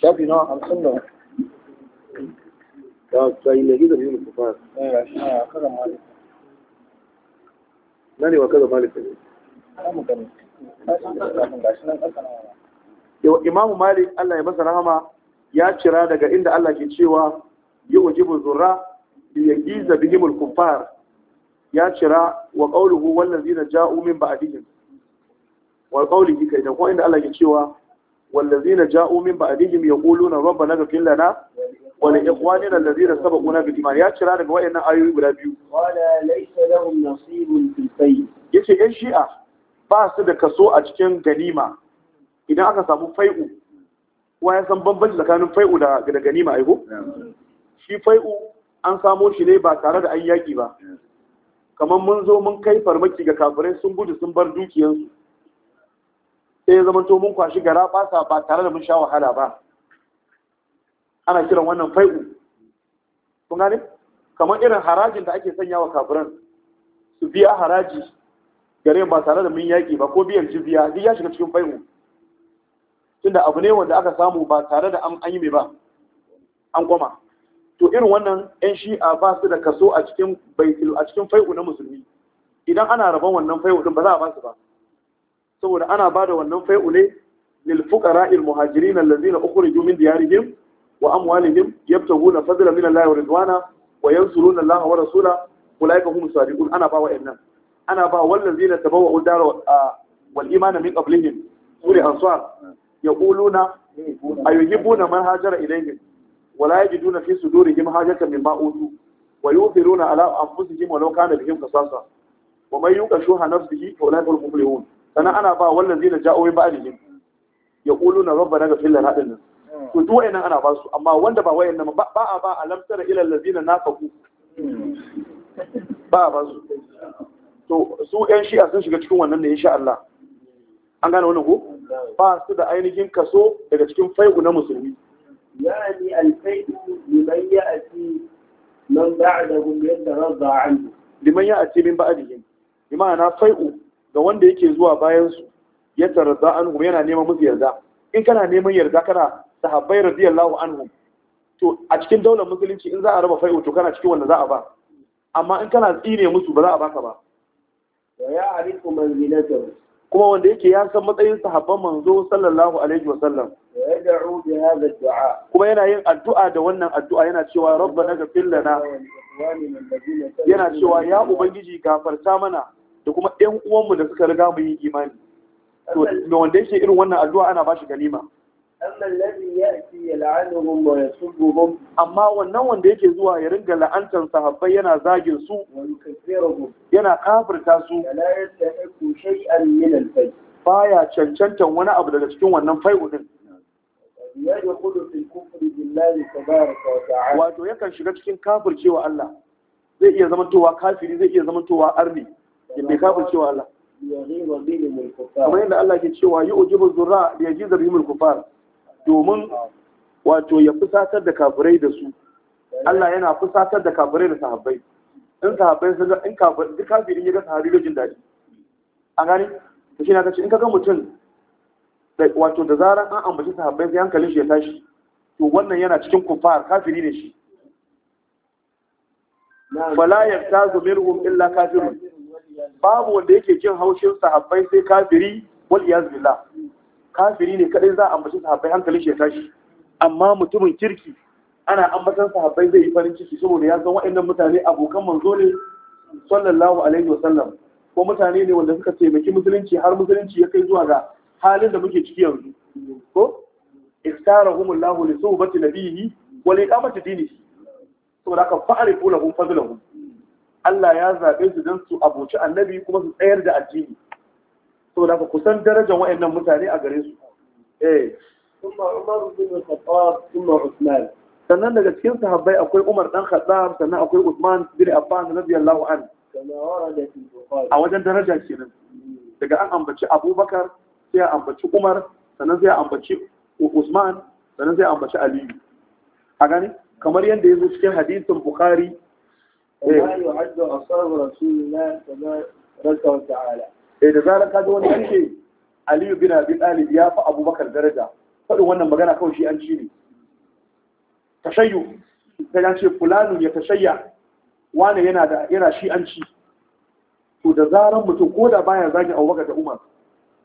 shafi nawa hamsin da ta yi lagi da biyu da kufa
na ne wa kaza malik ne imamu malik allah ya masa rahama ya cira daga inda allah ke cewa yi wajibu zura bi ya giza bihimul kufar ya cira wa qawluhu wallazina ja'u min ba'dihim wa qawlihi kai da ko inda allah ke cewa والذين جاءوا من بعدهم يقولون ربنا اغفر لنا ولإخواننا الذين سبقونا بالإيمان يا ترى daga وين ayoyi guda biyu ولا ليس لهم نصيب في fay yace ان shi'a ba su da kaso a cikin ganima idan aka samu fai'u kowa ya san bambanci tsakanin fai'u da da ganima aiko shi fai'u an samo shi ne ba tare da an yaki ba kamar mun zo mun kai farmaki ga kafirai sun gudu sun bar dukiyansu sai ya zama to mun kwashi gara basa ba tare da mun sha wahala ba ana kiran wannan fai'u kun gane kamar irin harajin da ake sanya wa kafiran su biya haraji gare ba tare da mun yaƙi ba ko biyan jizya duk ya shiga cikin fai'u tunda abu ne wanda aka samu ba tare da an yi mai ba an kwama to irin wannan yan shi'a ba su da kaso a cikin baitul a cikin fai'u na musulmi idan ana rabon wannan fai'u din ba za a ba su ba saboda ana ba da wannan fai'u ne lil fuqara al muhajirin allazina ukhriju min diyarihim wa amwalihim yabtaguna fadlan min Allah wa ridwana wa yansuruna Allah wa rasula ulaika hum sadiqun ana ba wa'annan ana ba wallazina tabawwa'u dar wal iman min qablihim sura ansar yaquluna ayuhibbuna man hajara ilayhim ولا يجدون في صدورهم حاجة مما أوتوا ويؤثرون على أنفسهم ولو كان بهم قصاصة ومن يوق شح نفسه فأولئك هم المفلحون sannan ana ba wannan zina ja'o min ba'dihim ya ƙulu na daga filin haɗin nan hmm. to duk wayannan ana ba su amma wanda ba wayannan ba ba a ba alam tara ila allazina nafaqu ba a ba su to su yan shi'a sun shiga cikin wannan ne insha Allah an gane wannan ko ba su da ainihin kaso daga cikin fai'u na musulmi
yani alfai'u liman ya'ti man ba'dahum yadda radda
anhu liman ya'ti min ba'dihim na fai'u ga wanda yake zuwa bayan su ya tarda anhum yana neman musu yarda in kana neman yarda kana sahabbai radiyallahu anhu to a cikin daular musulunci in za a raba fai'u to kana cikin wanda za a ba amma in kana tsine musu ba za a baka ba
wa ya arifu manzilatahu
kuma wanda yake ya san matsayin sahabban manzo sallallahu alaihi wasallam
da'u bi hadha dua
kuma yana yin addu'a da wannan addu'a yana cewa rabbana ghfir lana
yana cewa ya ubangiji
gafarta mana da kuma ɗan uwanmu da suka riga mu yi imani to me wanda yake irin wannan addu'a ana bashi ganima amma wannan wanda yake zuwa ya ringa la'antar sahabbai yana zagin su yana kafirta su baya cancantan wani abu daga cikin wannan fai'u wato yakan shiga cikin kafircewa Allah zai iya zamantowa kafiri zai iya zamantowa arni
ya bai kafin cewa Allah kamar yadda
Allah ke cewa yi ujibu zurra da ya ji zarhimul kufar domin wato ya fusatar da kafirai da su Allah yana fusatar da kafirai da sahabbai in sahabbai sun ga in kafirai duk kafirin ya ga sahabi ga jin daɗi a gani to shi na kace in ka ga mutum wato da zaran an ambaci sahabbai sai hankalin shi ya tashi to wannan yana cikin kufar kafiri ne shi wala yaftazu minhum illa kafirun babu wanda yake jin haushin sahabbai sai kafiri wal iyaz kafiri ne kadai za a ambaci sahabbai hankalin shi ya tashi amma mutumin kirki ana ambatan sahabbai zai yi farin ciki saboda ya san waɗannan mutane abokan manzo ne sallallahu alaihi wasallam ko mutane ne wanda suka taimaki musulunci har musulunci ya kai zuwa ga halin da muke ciki yanzu ko istarahumullahu li suhbati nabiyhi wa liqamati dinihi saboda haka fa'rifu lahum fadlahum Allah ya zaɓe su don su abuci annabi kuma su tsayar da addini saboda haka kusan darajar wayannan mutane a gare su
eh kuma Umar bin Khattab
kuma Usman. sannan daga cikin sahabbai akwai Umar dan Khattab sannan akwai Uthman bin Affan radiyallahu anhu a wajen daraja kenan daga an ambaci Abubakar sai a ambaci Umar sannan sai a ambaci Usman sannan sai a ambaci Aliyu a gani kamar yadda ya zo cikin hadisin Bukhari وما
يعد أصحاب رسول الله تبارك وتعالى إذا ذلك هذا هو الشيء
علي بن أبي طالب يا أبو بكر درجة faɗin wannan magana kawai shi an ci ne tashayyu ta an Fulani ya tashayya wane yana da yana shi an ci to da zarar mutum ko da baya zagin abubakar da umar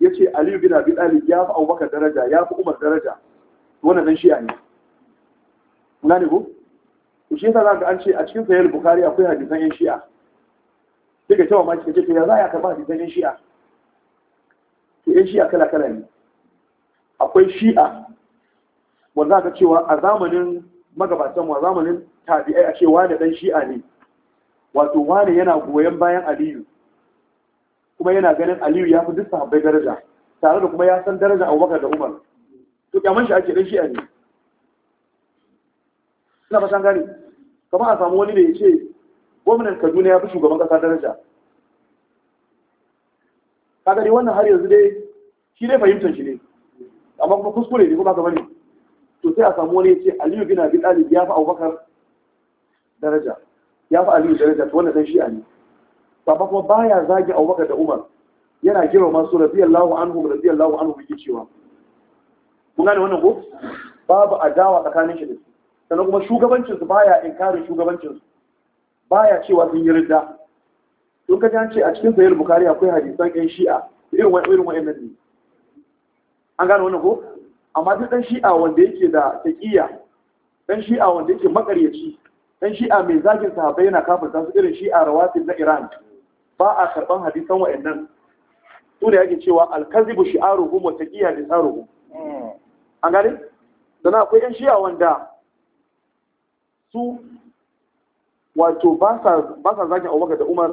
ya ce aliyu bin abi talib ya fi abubakar daraja ya fi umar daraja wannan dan shi'a ne kuna ne ko to shi yasa za an ce a cikin sayar bukhari akwai hadisan yan shi'a sai ka tawa maki kace to ya za ya karba hadisan yan shi'a to yan shi'a kala kala ne akwai shi'a wanda aka cewa a zamanin magabatan wa zamanin tabi'ai a ce wani dan shi'a ne wato wani yana goyon bayan aliyu kuma yana ganin aliyu ya fi duk sahabbai daraja tare da kuma ya san daraja abubakar da umar to kyaman shi ake dan shi'a ne ina fatan gane kama a samu wani da ya ce gwamnan kaduna ya fi shugaban kasa daraja kagari wannan har yanzu dai shi dai fahimtar shi ne amma kuma kuskure ne kuma ka bane to sai a samu wani ya ce aliyu bin abi dalib ya fi abubakar daraja ya fi aliyu daraja to wannan dan shi ne amma kuma baya zagi abubakar da umar yana girma su radiyallahu anhu radiyallahu anhu yake cewa kun gane wannan ko babu adawa tsakanin shi da su sannan kuma shugabancinsu baya inkarin shugabancinsu baya cewa sun yi rida don ka ce a cikin sayar bukari akwai hadisan yan shi'a irin irin nan ne an gane wannan ko amma duk dan shi'a wanda yake da taqiya dan shi'a wanda yake makaryaci dan shi'a mai zagin sahabbai yana kafirta su irin shi'a rawatib na Iran ba a karban hadisan nan. su da yake cewa al-kadhibu shi'aruhum wa taqiya lisaruhum hmm. an gane sannan akwai yan shi'a wanda su wato ba sa zagin abubakar da umar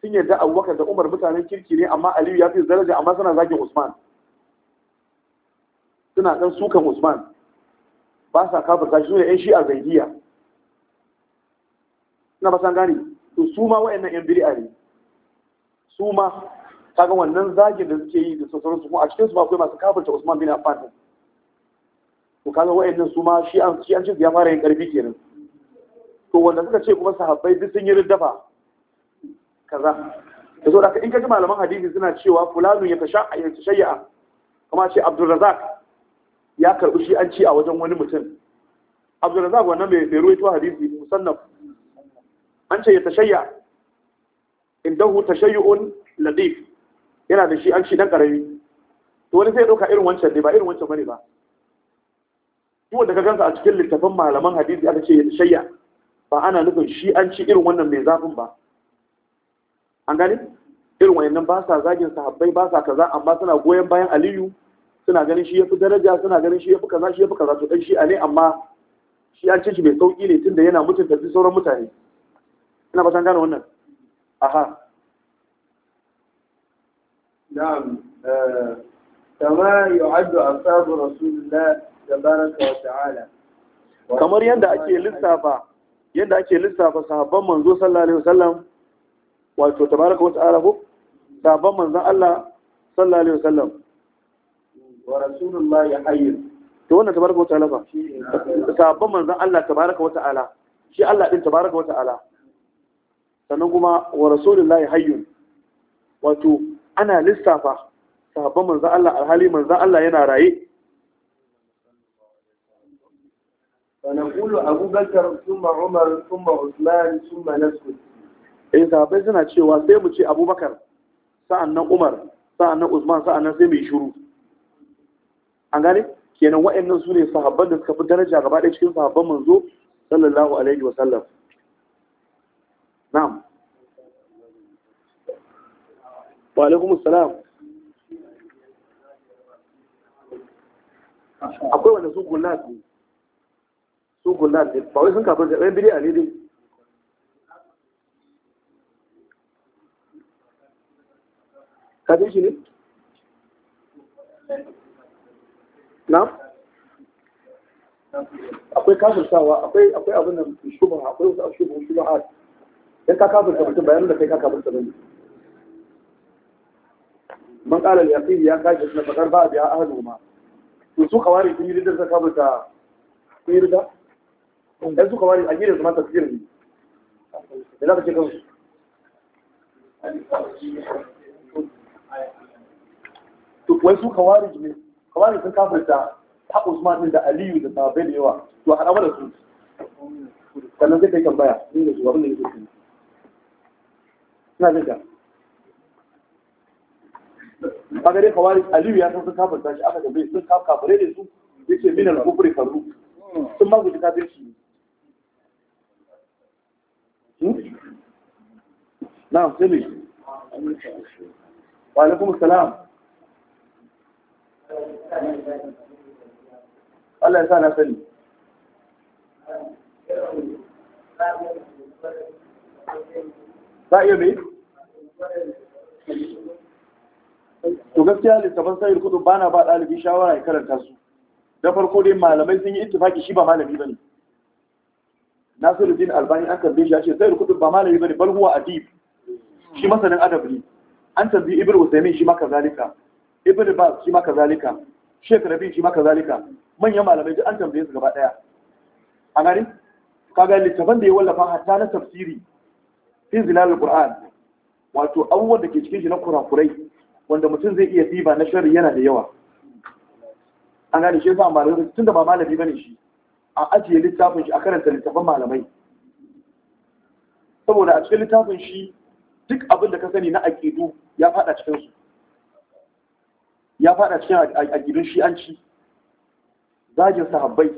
sun yarda abubakar da umar mutanen kirki ne amma aliyu ya fi daraja amma suna zagin usman suna ɗan sukan usman ba sa kafirta shi ne 'yan a zaidiya suna ba san gani to su ma wa'annan 'yan biri'a ne su ma kaga wannan zagin da suke yi da sauransu kuma a cikin su ma akwai masu ta usman bin affan to kaga wa'annan su ma shi an shi an ya fara yin karfi kenan to wanda suka ce kuma sahabbai duk sun yi riddafa kaza da so da in ka ji malaman hadisi suna cewa fulanu ya tasha ya tashayya kuma ce Abdulrazak ya karbi shi an ci a wajen wani mutum Abdulrazak wannan bai bai ruwaito hadisi musannaf an ce ya tashayya indahu tashayyu'un ladif yana da shi an ci dan karami to wani zai dauka irin wancan ne ba irin wancan bane ba duk wanda ka gansa a cikin littafin malaman hadisi aka ce ya shayya ba ana nufin shi an ci irin wannan mai zafin ba an gani irin wayannan ba sa zagin sahabbai ba sa kaza amma suna goyon bayan aliyu suna ganin shi yafi daraja suna ganin shi yafi kaza shi yafi kaza to dan shi ne amma shi an ci shi mai sauki ne tunda yana mutunta sauran mutane ina san gane wannan aha
na'am eh, kama yu'addu ashabu rasulillah
kamar yadda ake lissafa yadda ake lissafa sahabban manzo sallallahu alaihi wasallam wato tabaraka wata'ala ko sahabban manzon Allah sallallahu alaihi wasallam wa rasulullahi hayyin to wannan tabaraka wata'ala fa sahabban manzon Allah tabaraka wata'ala shi Allah din tabaraka wata'ala sannan kuma wa rasulullahi hayyin wato ana lissafa sahabban manzon Allah alhali manzon Allah yana raye
فنقول أبو بكر ثم عمر ثم عثمان ثم نسكت
eh sahabbai suna cewa sai mu ce abubakar sa'annan umar sa'annan usman sa'annan sai mu yi shuru an gane kenan wa'annan su ne sahabban da suka fi daraja gaba ɗaya cikin sahabban manzo sallallahu alaihi wasallam na'am su gulla ba wai sun kafin ɗaya bidiyar ne dai kafin shi ne? na? akwai kafirtawa akwai akwai abin da shubar akwai wasu shubar shubar har dan ka kafirta mutum bayanin da kai ka kafirta bane man qala al-yaqin ya kaji na fakar ba a biya ahlu ma to su kawari sun yi da kafirta sun yi da dan su kamar a gidan su ma tafsir ne da za ka ce
kansu
to wai su kawarij ne kawarij sun kafirta ta Usman din da Aliyu da sahabbai da yawa to a haɗa da su sannan sai kai tambaya ni da su abin da yake cikin ina jin ka kaga dai Aliyu ya san sun kafirta shi aka tambaye sun kafirta da su yace minal kufri farru sun ma guji kafirci نعم sai وعليكم السلام
الله salam Allah ya sa na za
a iya mai to gaskiya littafin sayar kudu ba na ba ɗalibi shawara ya karanta su da farko dai malamai sun yi ittifaki shi ba malami ba ne nasiruddin albani an tambaye shi ya ce zairu kutub ba malami bane bal huwa adib shi masanin adab ne an tambayi ibnu usaimin shi ma kazalika ibnu baz shi ma kazalika sheikh rabi shi ma kazalika manyan malamai duk an tambaye su gaba daya a gani kaga littafan da ya wallafa hatta na tafsiri fi zilal qur'an wato abubuwan da ke cikin shi na kurakurai wanda mutum zai iya diba na sharri yana da yawa an gane shi yasa malamai tunda ba malami bane shi a ajiye littafin shi a karanta littafin malamai saboda a cikin littafin shi duk abin da ka sani na aƙidu ya fada cikin su ya fada cikin aƙidun shi'anci zagin sahabbai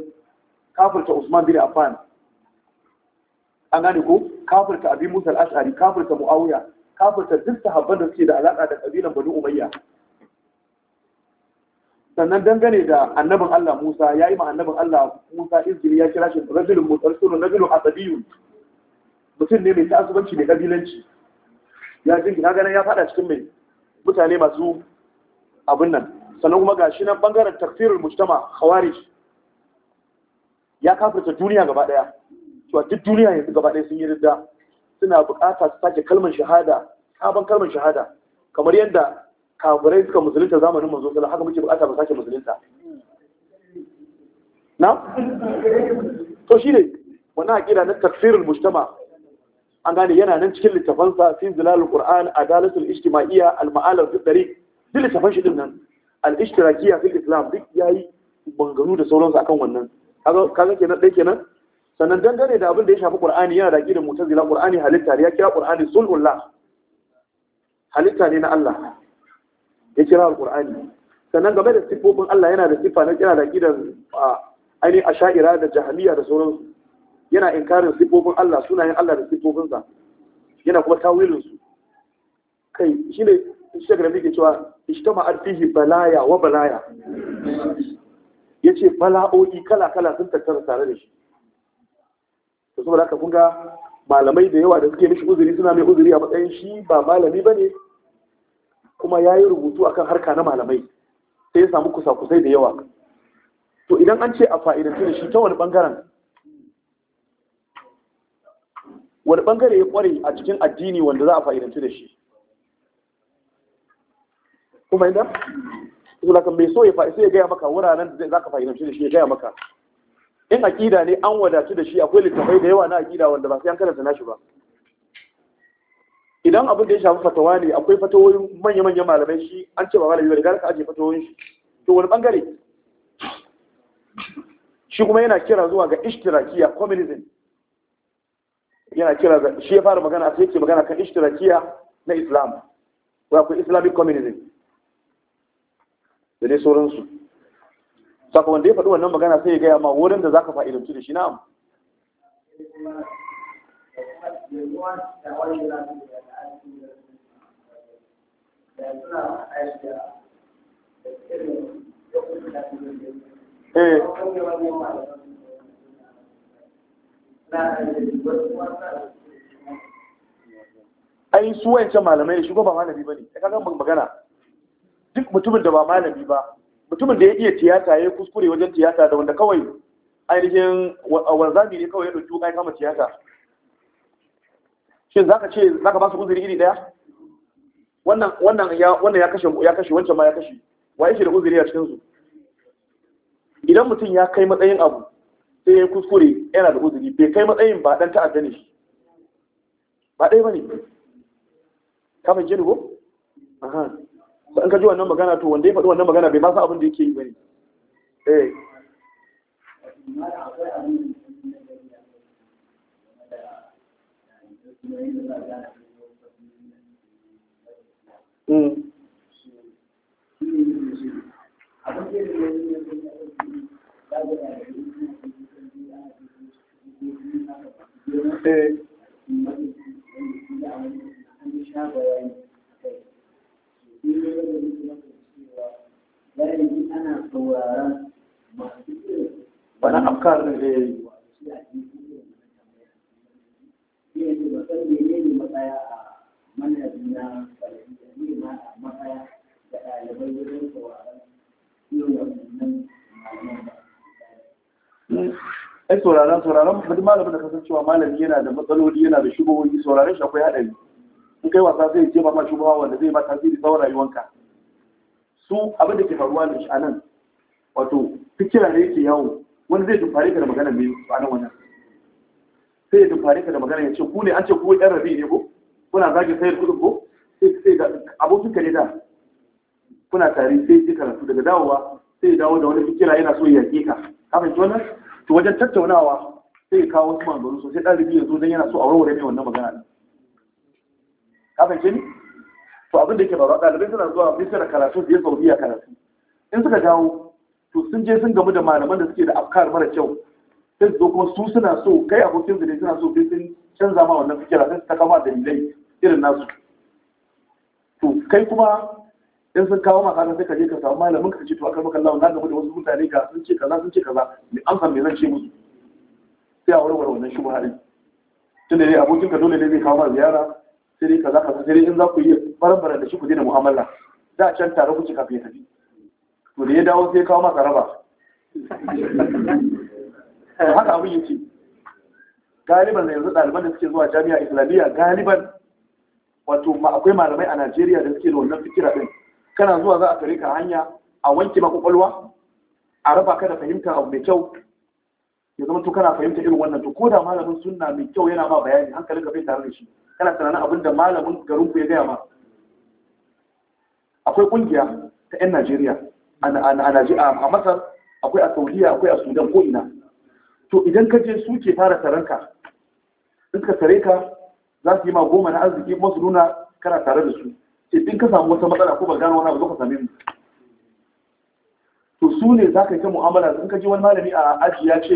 kafirta Usman bin Affan an gane ko kafirta Abi Musa al-Ash'ari kafirta Muawiya kafirta duk sahabban da suke da alaka da kabilan Bani Umayya sannan dangane da annabin Allah Musa ya yi ma annabin Allah Musa izgiri ya kira shi rajulun mutarsulun rajulun asabiyun mutum ne mai ta'asubanci mai kabilanci ya jin na ganin ya fada cikin mai mutane masu abin nan sannan kuma ga shi nan bangaren tafsirin mujtama khawarij ya kafirta duniya gaba daya a duk duniya yanzu gaba daya sun yi ridda suna bukata su sake kalmar shahada sabon kalmar shahada kamar yadda kafirai suka musulunta zamanin manzo sallallahu haka muke bukata ba sake musulunta na to shine wannan aqida na tafsirul mujtama an gane yana nan cikin littafan littafansa fi zilalul qur'an adalatul ijtima'iyya al ma'alar fi tariq duk littafan shi din nan al ishtirakiyya fil islam duk yayi bangaru da sauransu akan wannan kaga kaga kenan dai kenan sannan dangane da abin da ya shafi qur'ani yana da aqidar mu'tazila qur'ani halitta ne ya kira qur'ani sulhullah halitta ne na Allah ya kira Alƙur'ani. sannan game da siffofin Allah yana da siffa na kira da a ainihin asha'ira da jahamiya da sauransu yana inkarin siffofin Allah sunayen Allah da siffofinsa yana kuma tawilin su kai shine shekara muke cewa ishtama arfihi balaya wa balaya yace bala'o'i kala kala sun tattara tare da shi to saboda haka kun ga malamai da yawa da suke mishi uzuri suna mai uzuri a matsayin shi ba malami ba ne. kuma ya yi rubutu akan harka na malamai sai ya samu kusa-kusai da yawa to idan an ce a fa'idantu da shi ta wani ɓangaren wani ɓangare ya ƙware a cikin addini wanda za a fa'idantu da shi kuma inda? sulaka mai so ya fa'i sai ya gaya maka wuraren da za ka fa'idantu da shi ya gaya maka in aƙida ne an wadatu da shi akwai littafai da yawa na aƙida wanda ba sai an karanta nashi ba idan abin da ya shafi fatawa ne akwai fatawoyin manya-manyan malamai shi an ce ba malami ba da ka ajiye fatawoyin shi to wani bangare shi kuma yana kira zuwa ga ishtirakiya communism yana kira ga shi ya fara magana sai yake magana kan ishtirakiya na islam ko akwai islamic communism da dai sauransu saka da ya faɗi wannan magana sai ya gaya ma wurin da zaka fa'idantu da shi na'am ai su wancan malamai ne shi ba malami ba ne ta kaga magana duk mutumin da ba malami ba mutumin da ya iya tiyata ya kuskure wajen tiyata da wanda kawai ainihin wanzami ne kawai ya ɗauki wuka kama tiyata shin zaka ce zaka ba su uzuri iri daya wannan wannan ya wannan ya kashe ya kashe wancan ma ya kashe wa yake da uzuri a cikin su idan mutum ya kai matsayin abu sai ya kuskure yana da uzuri bai kai matsayin ba dan ta'adda ne ba dai bane ka fahimce ni ko aha in ka ji wannan magana to wanda ya faɗi wannan magana bai ba sa abin da yake yi bane
eh Eh. wani afkar da sai matsaya a matsaya da ɗalibai sauraron
da ai sauraron sauraron duk malamin da kasan cewa malami yana da matsaloli yana da shubuhohi sauraron shi akwai haɗari in kai wasa zai ba ma shubuha wanda zai ma tasiri tsawon rayuwanka su abin da ke faruwa da shi a nan wato fikira ne yake yawo wani zai dumfare ka da magana mai tsanan wannan sai ya dumfare ka da magana ya ce ku ne an ce ku yan rabi ne ko kuna zagin sayar kudin ko sai ga abokin ka ne da kuna tare sai ya karatu daga dawowa sai ya dawo da wani fikira yana so ya yake ka kafin wannan to wajen tattaunawa sai ya kawo wasu manzanni sosai ɗalibi ya zo don yana so a warware ne wannan magana kafin fahimci ni to abin da yake ba ɗalibai suna zuwa misira karatu ya sau ya karatu in suka dawo to sun je sun gamu da malaman da suke da afkar mara kyau sai su zo kuma su suna so kai abokin su suna so sai sun canza ma wannan fikira sai su ta kama dalilai irin nasu to kai kuma in sun kawo maka sai ka je ka samu malamin ka ce to akai maka Allah na gaba da wasu mutane ka sun ce kaza sun ce kaza me amsa me zan ce musu sai a warware wannan shubha din tunda dai abokin ka dole ne zai kawo ma ziyara sai dai kaza kaza sai dai in za ku yi barbara da shi ku je da mu'amala da can tare ku ci kafin ya tafi to da ya dawo sai ya kawo maka raba Eh, haka abin yake galiban yanzu ɗaliban da suke zuwa jami'a islamiyya galiban wato ma akwai malamai a najeriya da suke da wannan fikira ɗin kana zuwa za a tare ka hanya a wanke ma kwakwalwa a raba ka da fahimta abu mai kyau ya zama to kana fahimta irin wannan to ko da malamin sunna mai kyau yana ba bayani hankalin ka bai tare da shi kana tunanin abin da malamin garin ku ya gaya ma akwai kungiya ta yan najeriya a masar akwai a saudiya akwai a sudan ko ina to idan ka je su ke fara taranka in ka tare ka za su yi ma goma na arziki kuma su nuna kana tare da su ce eh, in ka samu wata matsala ko ba gano wani abu zo ka same mu to su ne za ka yi ta mu'amala in ka je wani malami a aji ya ce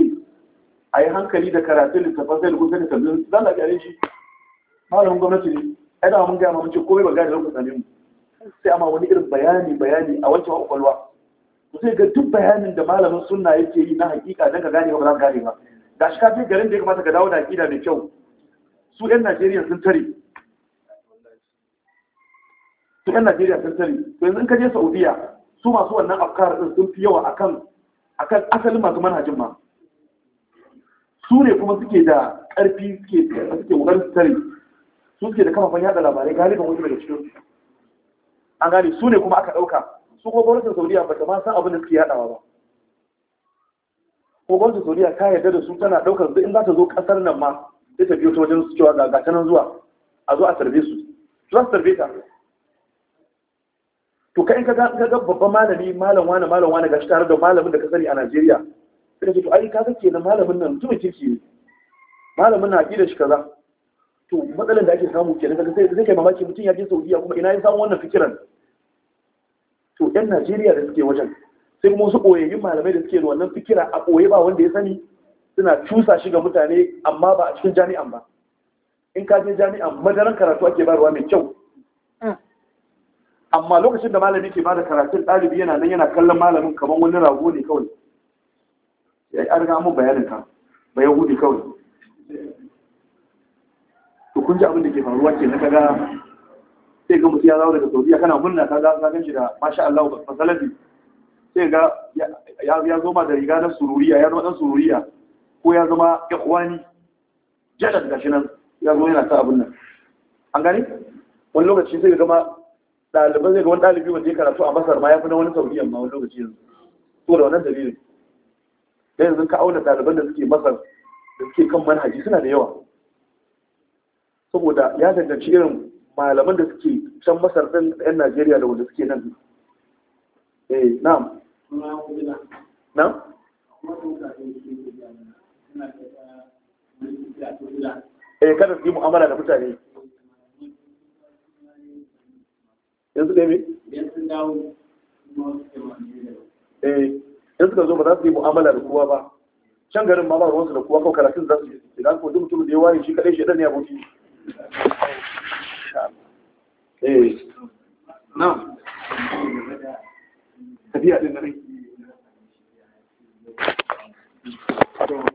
a yi hankali da karatun littafin sai lukun sai kallon za a gare shi malamin gwamnati ne ai da mun gaya ma mun ce komai ba gane zo ka same mu sai amma wani irin bayani bayani a wancan kwakwalwa zai ga duk bayanin da malamin sunna yake yi na hakika don ka gane ba za ka gane ba Da shi kafin garin da ya kamata ka dawo da aƙida mai kyau su 'yan najeriya sun tare su 'yan najeriya sun tare to yanzu in ka je saudiya su masu wannan afkar din sun fi yawa akan akan asalin masu manhajin ma su ne kuma suke da karfi suke suke wurin tare su suke da kamafan yada labarai galibin wasu daga cikin an gane su ne kuma aka ɗauka su ko gwamnatin saudiya ba ta ma san abin da suke yadawa ba ko gwamnatin saudiya ta yarda da su tana daukar su in za ta zo kasar nan ma sai ta biyo ta wajen su cewa ga ta nan zuwa a zo a tarbe su su za su tarbe ta to in ka ga babban malami malam wani malam wani gashi tare da malamin da ka sani a Najeriya sai ce to ai ka kake na malamin nan mutumin kirki ne malamin na aqida shi kaza to matsalar da ake samu kenan kaga sai sai kai mamaki mutum ya je Saudiya kuma ina ya samu wannan fikiran to yan Najeriya da suke wajen sai kuma wasu ɓoyayyun malamai da suke da wannan fikira a ɓoye ba wanda ya sani suna cusa shi ga mutane amma ba a cikin jami'an ba in ka je jami'an madaran karatu ake bayarwa mai kyau mm. amma lokacin da malami ke bada karatun ɗalibi yana nan yana kallon malamin kamar wani rago ne kawai ya yi arga mun bayanin ka ba yahudi kawai to kun ji abin da ke faruwa ke na kaga sai ga mutum ya dawo daga saudiya kana murna ka za ka shi da masha Allah ba salabi sai ga ya zo ma da riga na sururiya ya zama dan sururiya ko ya zama ya kwani da gashi nan ya zo yana ta abin nan an gani wani lokaci sai ga ma ɗaliban zai ga wani ɗalibi wanda ya karatu a masar ma ya fi na wani saudiya ma wani lokaci yanzu to da wannan dalilin da yanzu ka auna ɗaliban da suke masar da suke kan manhaji suna da yawa saboda ya danganci irin malaman da suke can masar ɗin yan najeriya da wanda suke nan eh na'am na'am eh kada su yi mu'amala da mutane yanzu ɗaya me? eh yanzu ka zo ba za su yi mu'amala da kowa ba can garin ma ba ruwansu da kowa kawai karatun za su yi da ko duk mutum da ya waye shi kaɗai shi ɗan ne aboki
eh na tafiya din nan